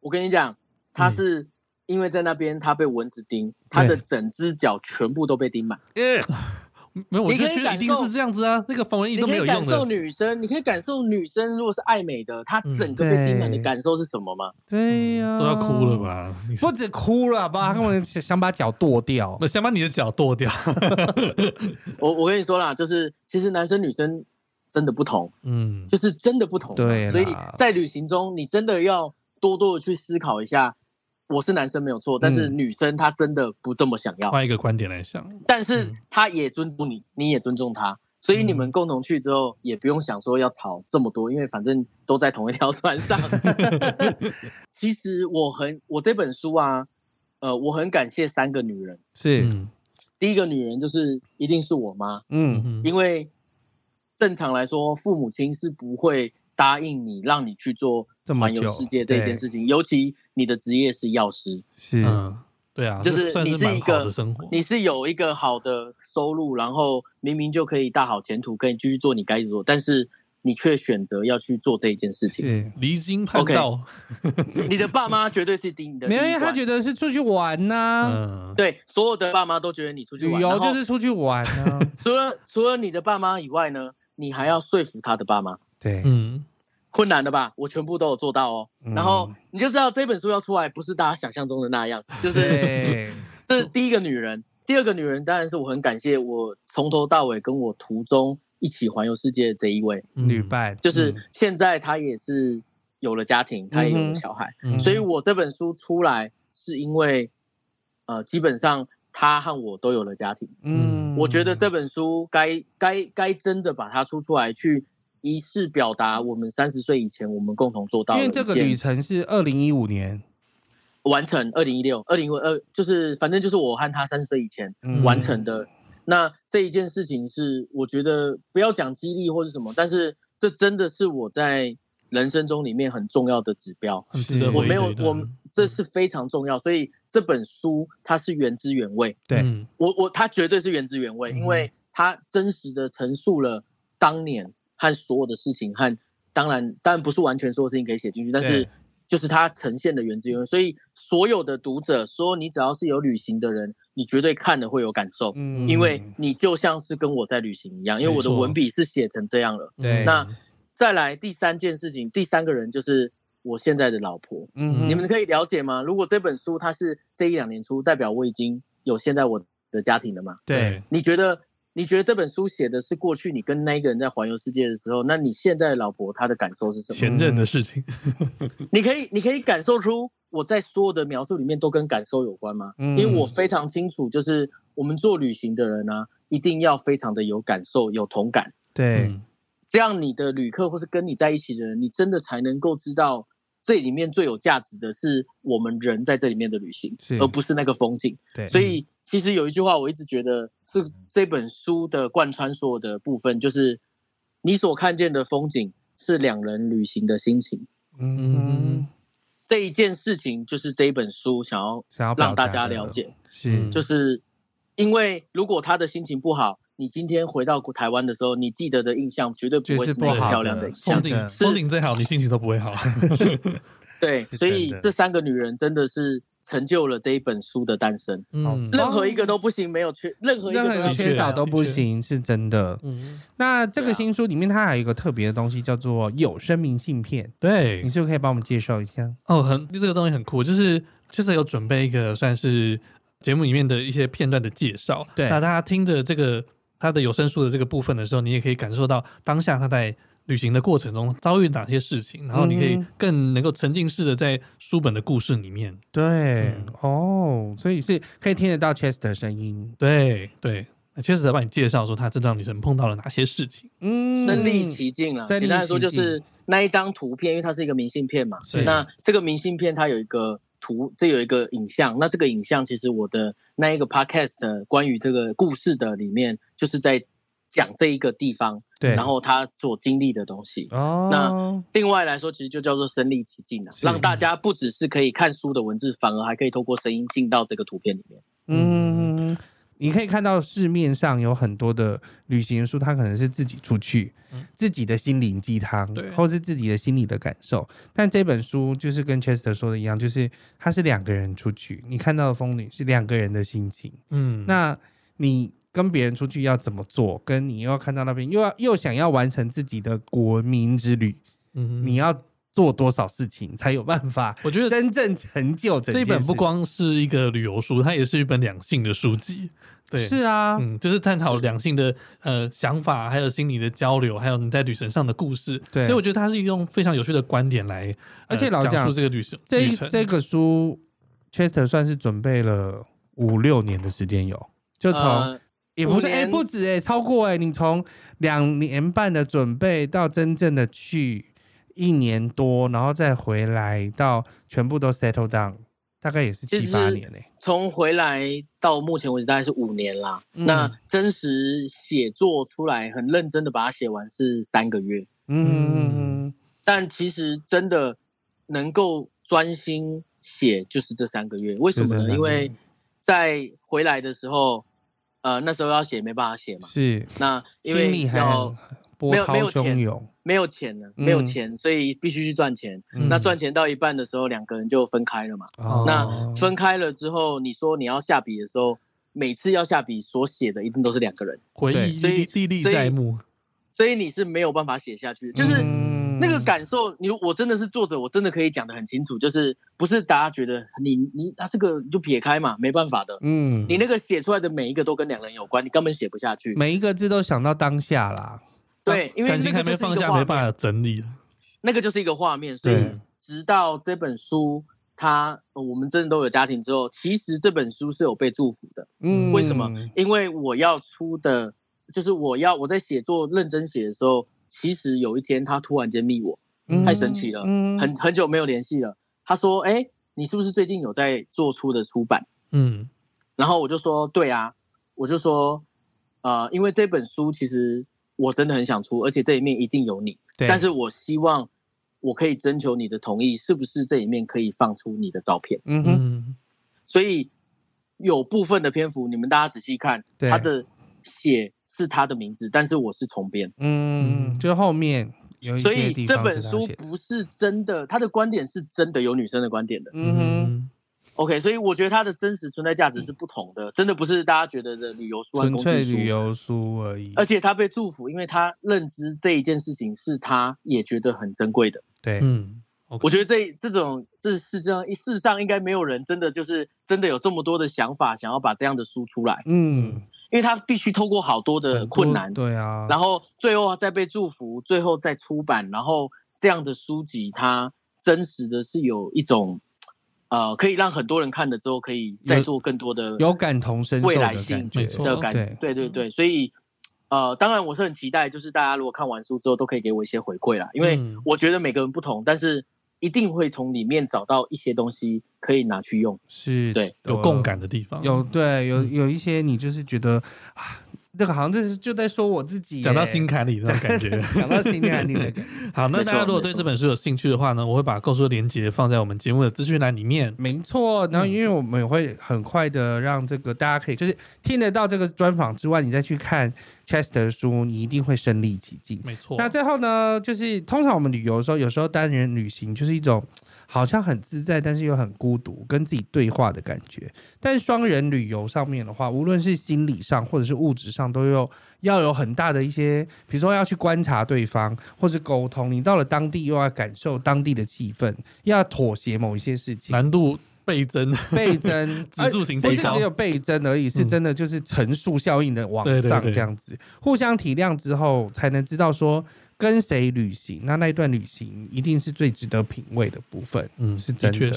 我跟你講，她是因為在那邊她被蚊子叮，她，嗯、的整隻腳全部都被叮滿。沒有你，我覺得一定是這樣子啊，那個防蚊液都沒有用的。你可以感受女生，你可以感受女生，如果是愛美的，她整個被叮滿的感受是什麼嗎？嗯、對呀、啊，都要哭了吧？說不止哭了，吧，她他們想把腳剁掉，想把你的腳剁掉。 我我跟你說啦，就是其實男生女生真的不同，嗯，就是真的不同。對，所以在旅行中，你真的要多多的去思考一下。我是男生沒有錯，但是女生她真的不這麼想要。換一個觀點來想，但是她也尊重你，嗯、你也尊重她，所以你們共同去之後，也不用想說要吵這麼多，嗯、因為反正都在同一條船上。 其實我很，我這本書啊，呃，我很感謝三個女人。是，嗯、第一個女人就是一定是我媽。嗯哼，因為正常來說，父母親是不會。答應你，讓你去做環遊世界這件事情。尤其你的職業是藥師，是、嗯，對啊，就是，算是你是一個，你是有一個好的收入，然後明明就可以大好前途，可以繼續做你該做，但是你卻選擇要去做這一件事情，是離經叛道。Okay, 你的爸媽絕對是盯你的，沒有因為他覺得是出去玩吶、啊嗯。對，所有的爸媽都覺得你出去玩，有，就是出去玩啊 除了除了你的爸媽以外呢，你還要說服他的爸媽。對，嗯，困難的吧？我全部都有做到哦、嗯。然後你就知道這本書要出來，不是大家想象中的那樣，就是 這是第一個女人，第二個女人當然是我很感謝我從頭到尾跟我途中一起環遊世界的這一位女伴、嗯，就是現在她也是有了家庭，嗯、她也有小孩、嗯，所以我這本書出來是因為、嗯呃，基本上她和我都有了家庭，嗯，我覺得這本書該該該真的把它出出來去。儀式表達我們三十歲以前我們共同做到，因為這個旅程是二零一五年完成，二零一六、二零一二就是反正就是我和他三十歲以前完成的、嗯。那這一件事情是我覺得不要講記憶或是什麼，但是這真的是我在人生中裡面很重要的指標。是的，對對對的，我沒有，我這是非常重要、嗯。所以這本書它是原汁原味，對我我它絕對是原汁原味，嗯、因為它真實的陳述了當年。和所有的事情和，和當然當然不是完全所有事情可以寫進去，但是就是它呈現的原汁原味。所以所有的讀者說，你只要是有旅行的人，你絕對看了會有感受，嗯，因為你就像是跟我在旅行一樣，因為我的文筆是寫成這樣了。對，那再來第三件事情，第三個人就是我現在的老婆。嗯，你們可以了解嗎？如果這本書它是這一兩年出，代表我已經有現在我的家庭了嘛？對，你覺得？你覺得這本書寫的是過去你跟那個人在環遊世界的時候，那你現在的老婆她的感受是什麼？前陣的事情 ，你可以，你可以感受出我在所有的描述裡面都跟感受有關嗎？因為我非常清楚，就是我們做旅行的人呢、啊，一定要非常的有感受，有同感，對、嗯，這樣你的旅客或是跟你在一起的人，你真的才能夠知道。這裡面最有價值的是我們人在這裡面的旅行，而不是那個風景。對，所以其實有一句話，我一直覺得是這本書的貫穿所有的部分，就是你所看見的風景是兩人旅行的心情。嗯，嗯，這一件事情就是這一本書想要讓大家了解，了是，就是因為如果他的心情不好，你今天回到台灣的時候，你記得的印象絕對不會是很漂亮的風景，風景最好，你心情都不會好。 對，所以這三個女人真的是成就了這一本書的誕生。嗯，任何一個都不行，沒有缺任何一個缺少，啊、都不行，是真的。嗯，那這個新書裡面它還有一個特別的東西，叫做有聲明信片。對，你是不是可以幫我們介紹一下？哦，很這個東西很酷，就是確實，就是、有準備一個算是節目裡面的一些片段的介紹。對，那大家聽着這個。他的有聲書的這個部分的時候，你也可以感受到當下他在旅行的過程中遭遇哪些事情，然後你可以更能夠沉浸式的在書本的故事裡面。嗯、對、嗯，哦，所以是可以聽得到 Chester 的聲音。對對，Chester 幫你介紹說他這段旅程碰到了哪些事情，嗯，身歷其境了。簡單說就是那一張圖片，因為它是一個明信片嘛。那這個明信片它有一個。圖，這有一個影像。那這個影像其實我的那一個 podcast 關於這個故事的裡面，就是在講這一個地方，對，然後他所經歷的東西。哦，那另外來說，其實就叫做身歷其境了，讓大家不只是可以看書的文字，反而還可以透過聲音進到這個圖片裡面。嗯。嗯嗯你可以看到市面上有很多的旅行書，它可能是自己出去，嗯、自己的心靈雞湯，或是自己的心理的感受。但這本書就是跟 Chester 說的一樣，就是他是兩個人出去。你看到的風景是兩個人的心情。嗯，那你跟別人出去要怎麼做？跟你又要看到那邊，又要又想要完成自己的古文明之旅，嗯，你要。做多少事情才有辦法？我覺得真正成就這一本不光是一個旅遊書，它也是一本兩性的書籍。對，是啊，嗯，就是探討兩性的呃想法，還有心理的交流，還有你在旅程上的故事。對，所以我覺得它是一種非常有趣的觀點來。呃、而且老實講這個旅程，這一這個書，Chester 算是準備了五六年的時間，有就從、呃、也不是哎不止哎、欸、超過哎、欸，你從兩年半的準備到真正的去。一年多，然後再回來到全部都 settle down，大概也是七八年呢、欸。從、就是、回來到目前為止大概是五年啦。嗯、那真實寫作出來，很認真的把它寫完是三個月嗯嗯。嗯，但其實真的能夠專心寫就是這三個月，為什麼呢、就是？因為在回來的時候，呃，那時候要寫沒辦法寫嘛。是，那因為心裡還波濤洶湧。沒有錢沒有錢了，嗯，沒有錢，所以必須去賺錢，嗯。那賺錢到一半的時候，兩個人就分開了嘛，哦。那分開了之後，你說你要下筆的時候，每次要下筆所寫的一定都是兩個人回憶，所以歷歷在目所。所以你是沒有辦法寫下去，就是、嗯、那個感受。你如果我真的是作者，我真的可以講得很清楚，就是不是大家覺得你你他，啊、這個你就撇開嘛，沒辦法的。嗯，你那個寫出來的每一個都跟兩個人有關，你根本寫不下去。每一個字都想到當下啦。啊、對，因為感情還沒放下，沒辦法整理。那個就是一個畫面，所以直到這本書他我們真的都有家庭之後，其實這本書是有被祝福的。嗯，為什麼？因為我要出的，就是我要我在寫作認真寫的時候，其實有一天他突然間密我，太神奇了，嗯、很很久沒有聯繫了。他說：“哎、欸，你是不是最近有在做出的出版？”嗯，然後我就說：“對啊。”我就說：“呃，因為這本書其實。”我真的很想出，而且這裡面一定有你。對，但是我希望我可以徵求你的同意，是不是這裡面可以放出你的照片？嗯哼，所以有部分的篇幅，你們大家仔細看，他的寫是他的名字，但是我是重編。嗯，就後面有一些地方是他寫的。所以這本書不是真的，他的觀點是真的有女生的觀點的。嗯哼。OK，所以我覺得它的真實存在價值是不同的，嗯、真的不是大家覺得的旅遊書、工具書、純粹旅遊書而已。而且他被祝福，因為他認知這一件事情是他也覺得很珍貴的。對，嗯，我覺得這這種這世上世上應該沒有人真的就是真的有這麼多的想法，想要把這樣的書出來。嗯，因為他必須透過好多的困難，對啊，然後最後再被祝福，最後再出版，然後這樣的書籍，它真實的是有一種。呃，可以讓很多人看了之後，可以再做更多的有，有感同身受未來性的感覺。對的感，對對對、嗯、所以，呃，當然我是很期待，就是大家如果看完書之後，都可以給我一些回饋啦。因為我覺得每個人不同，嗯、但是一定會從裡面找到一些東西可以拿去用，是對有共感的地方有，有對有有一些你就是覺得、嗯、啊。這個好像就是就在說我自己，講到心坎裡的那種感覺， 講到心坎裡。好，那大家如果對這本書有興趣的話呢，我會把購書鏈接放在我們節目的資訊欄裡面。沒錯，然後因為我們也會很快的讓這個大家可以就是聽得到這個專訪之外，你再去看。Chester 的書，你一定會身臨其境。沒錯。那最後呢？就是通常我們旅游的時候，有時候單人旅行就是一種好像很自在，但是又很孤獨，跟自己對話的感覺。但雙人旅游上面的話，無論是心理上或者是物質上，都有要有很大的一些，比如說要去觀察對方，或是溝通。你到了當地又要感受當地的氣氛，又要妥協某一些事情，難度，倍增，倍增，指數型增長不是只有倍增而已，是真的，就是乘數效應的往上這樣子，互相體諒之後，才能知道說跟誰旅行，那那一段旅行一定是最值得品味的部分。嗯，是真的，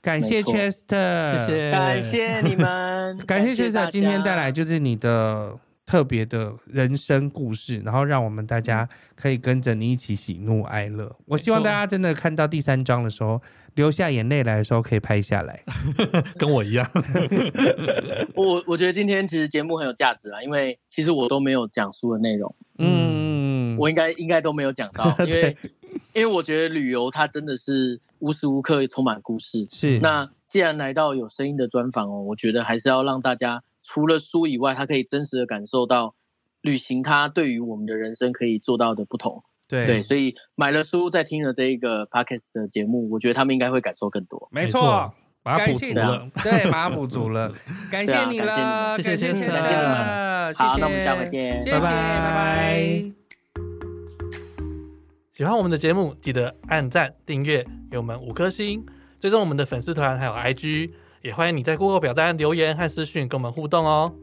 感謝 Chester、嗯、感謝，Chester 謝謝你們，感謝 Chester 今天帶來就是你的。特別的人生故事，然後讓我們大家可以跟着你一起喜怒哀樂。我希望大家真的看到第三章的時候，流下眼淚來的時候可以拍下來， 跟我一樣 我。我我覺得今天其實節目很有價值啦，因為其實我都沒有講書的內容，嗯，我應該應該都沒有講到，因為 因為我覺得旅遊它真的是無時無刻充滿故事。是，那既然來到有聲音的專訪哦，我覺得還是要讓大家。除了書以外，他可以真實的感受到旅行，他對於我們的人生可以做到的不同。對，啊對，所以買了書，再聽了這一個 Podcast 的節目，我覺得他們應該會感受更多。沒錯，把他補足了，對，把他補足了，感謝你、啊 嗯，感謝你，們、啊、謝，謝，謝，謝你們好，好，那我們下回見，拜拜，喜歡我們的節目，記得按讚、訂閱，給我們五顆星，追蹤我們的粉絲團，還有 IG。也歡迎你在 Google 表單留言和私訊跟我們互動哦。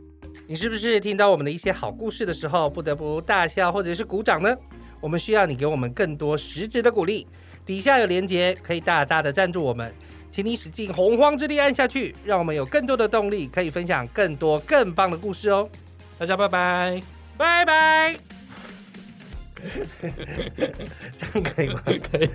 你是不是聽到我們的一些好故事的時候，不得不大笑或者是鼓掌呢？我們需要你給我們更多實質的鼓勵。底下有連結，可以大大的贊助我們，請你使盡洪荒之力按下去，讓我們有更多的動力，可以分享更多更棒的故事哦。大家拜拜，拜拜。哈 這樣可以嗎 可以。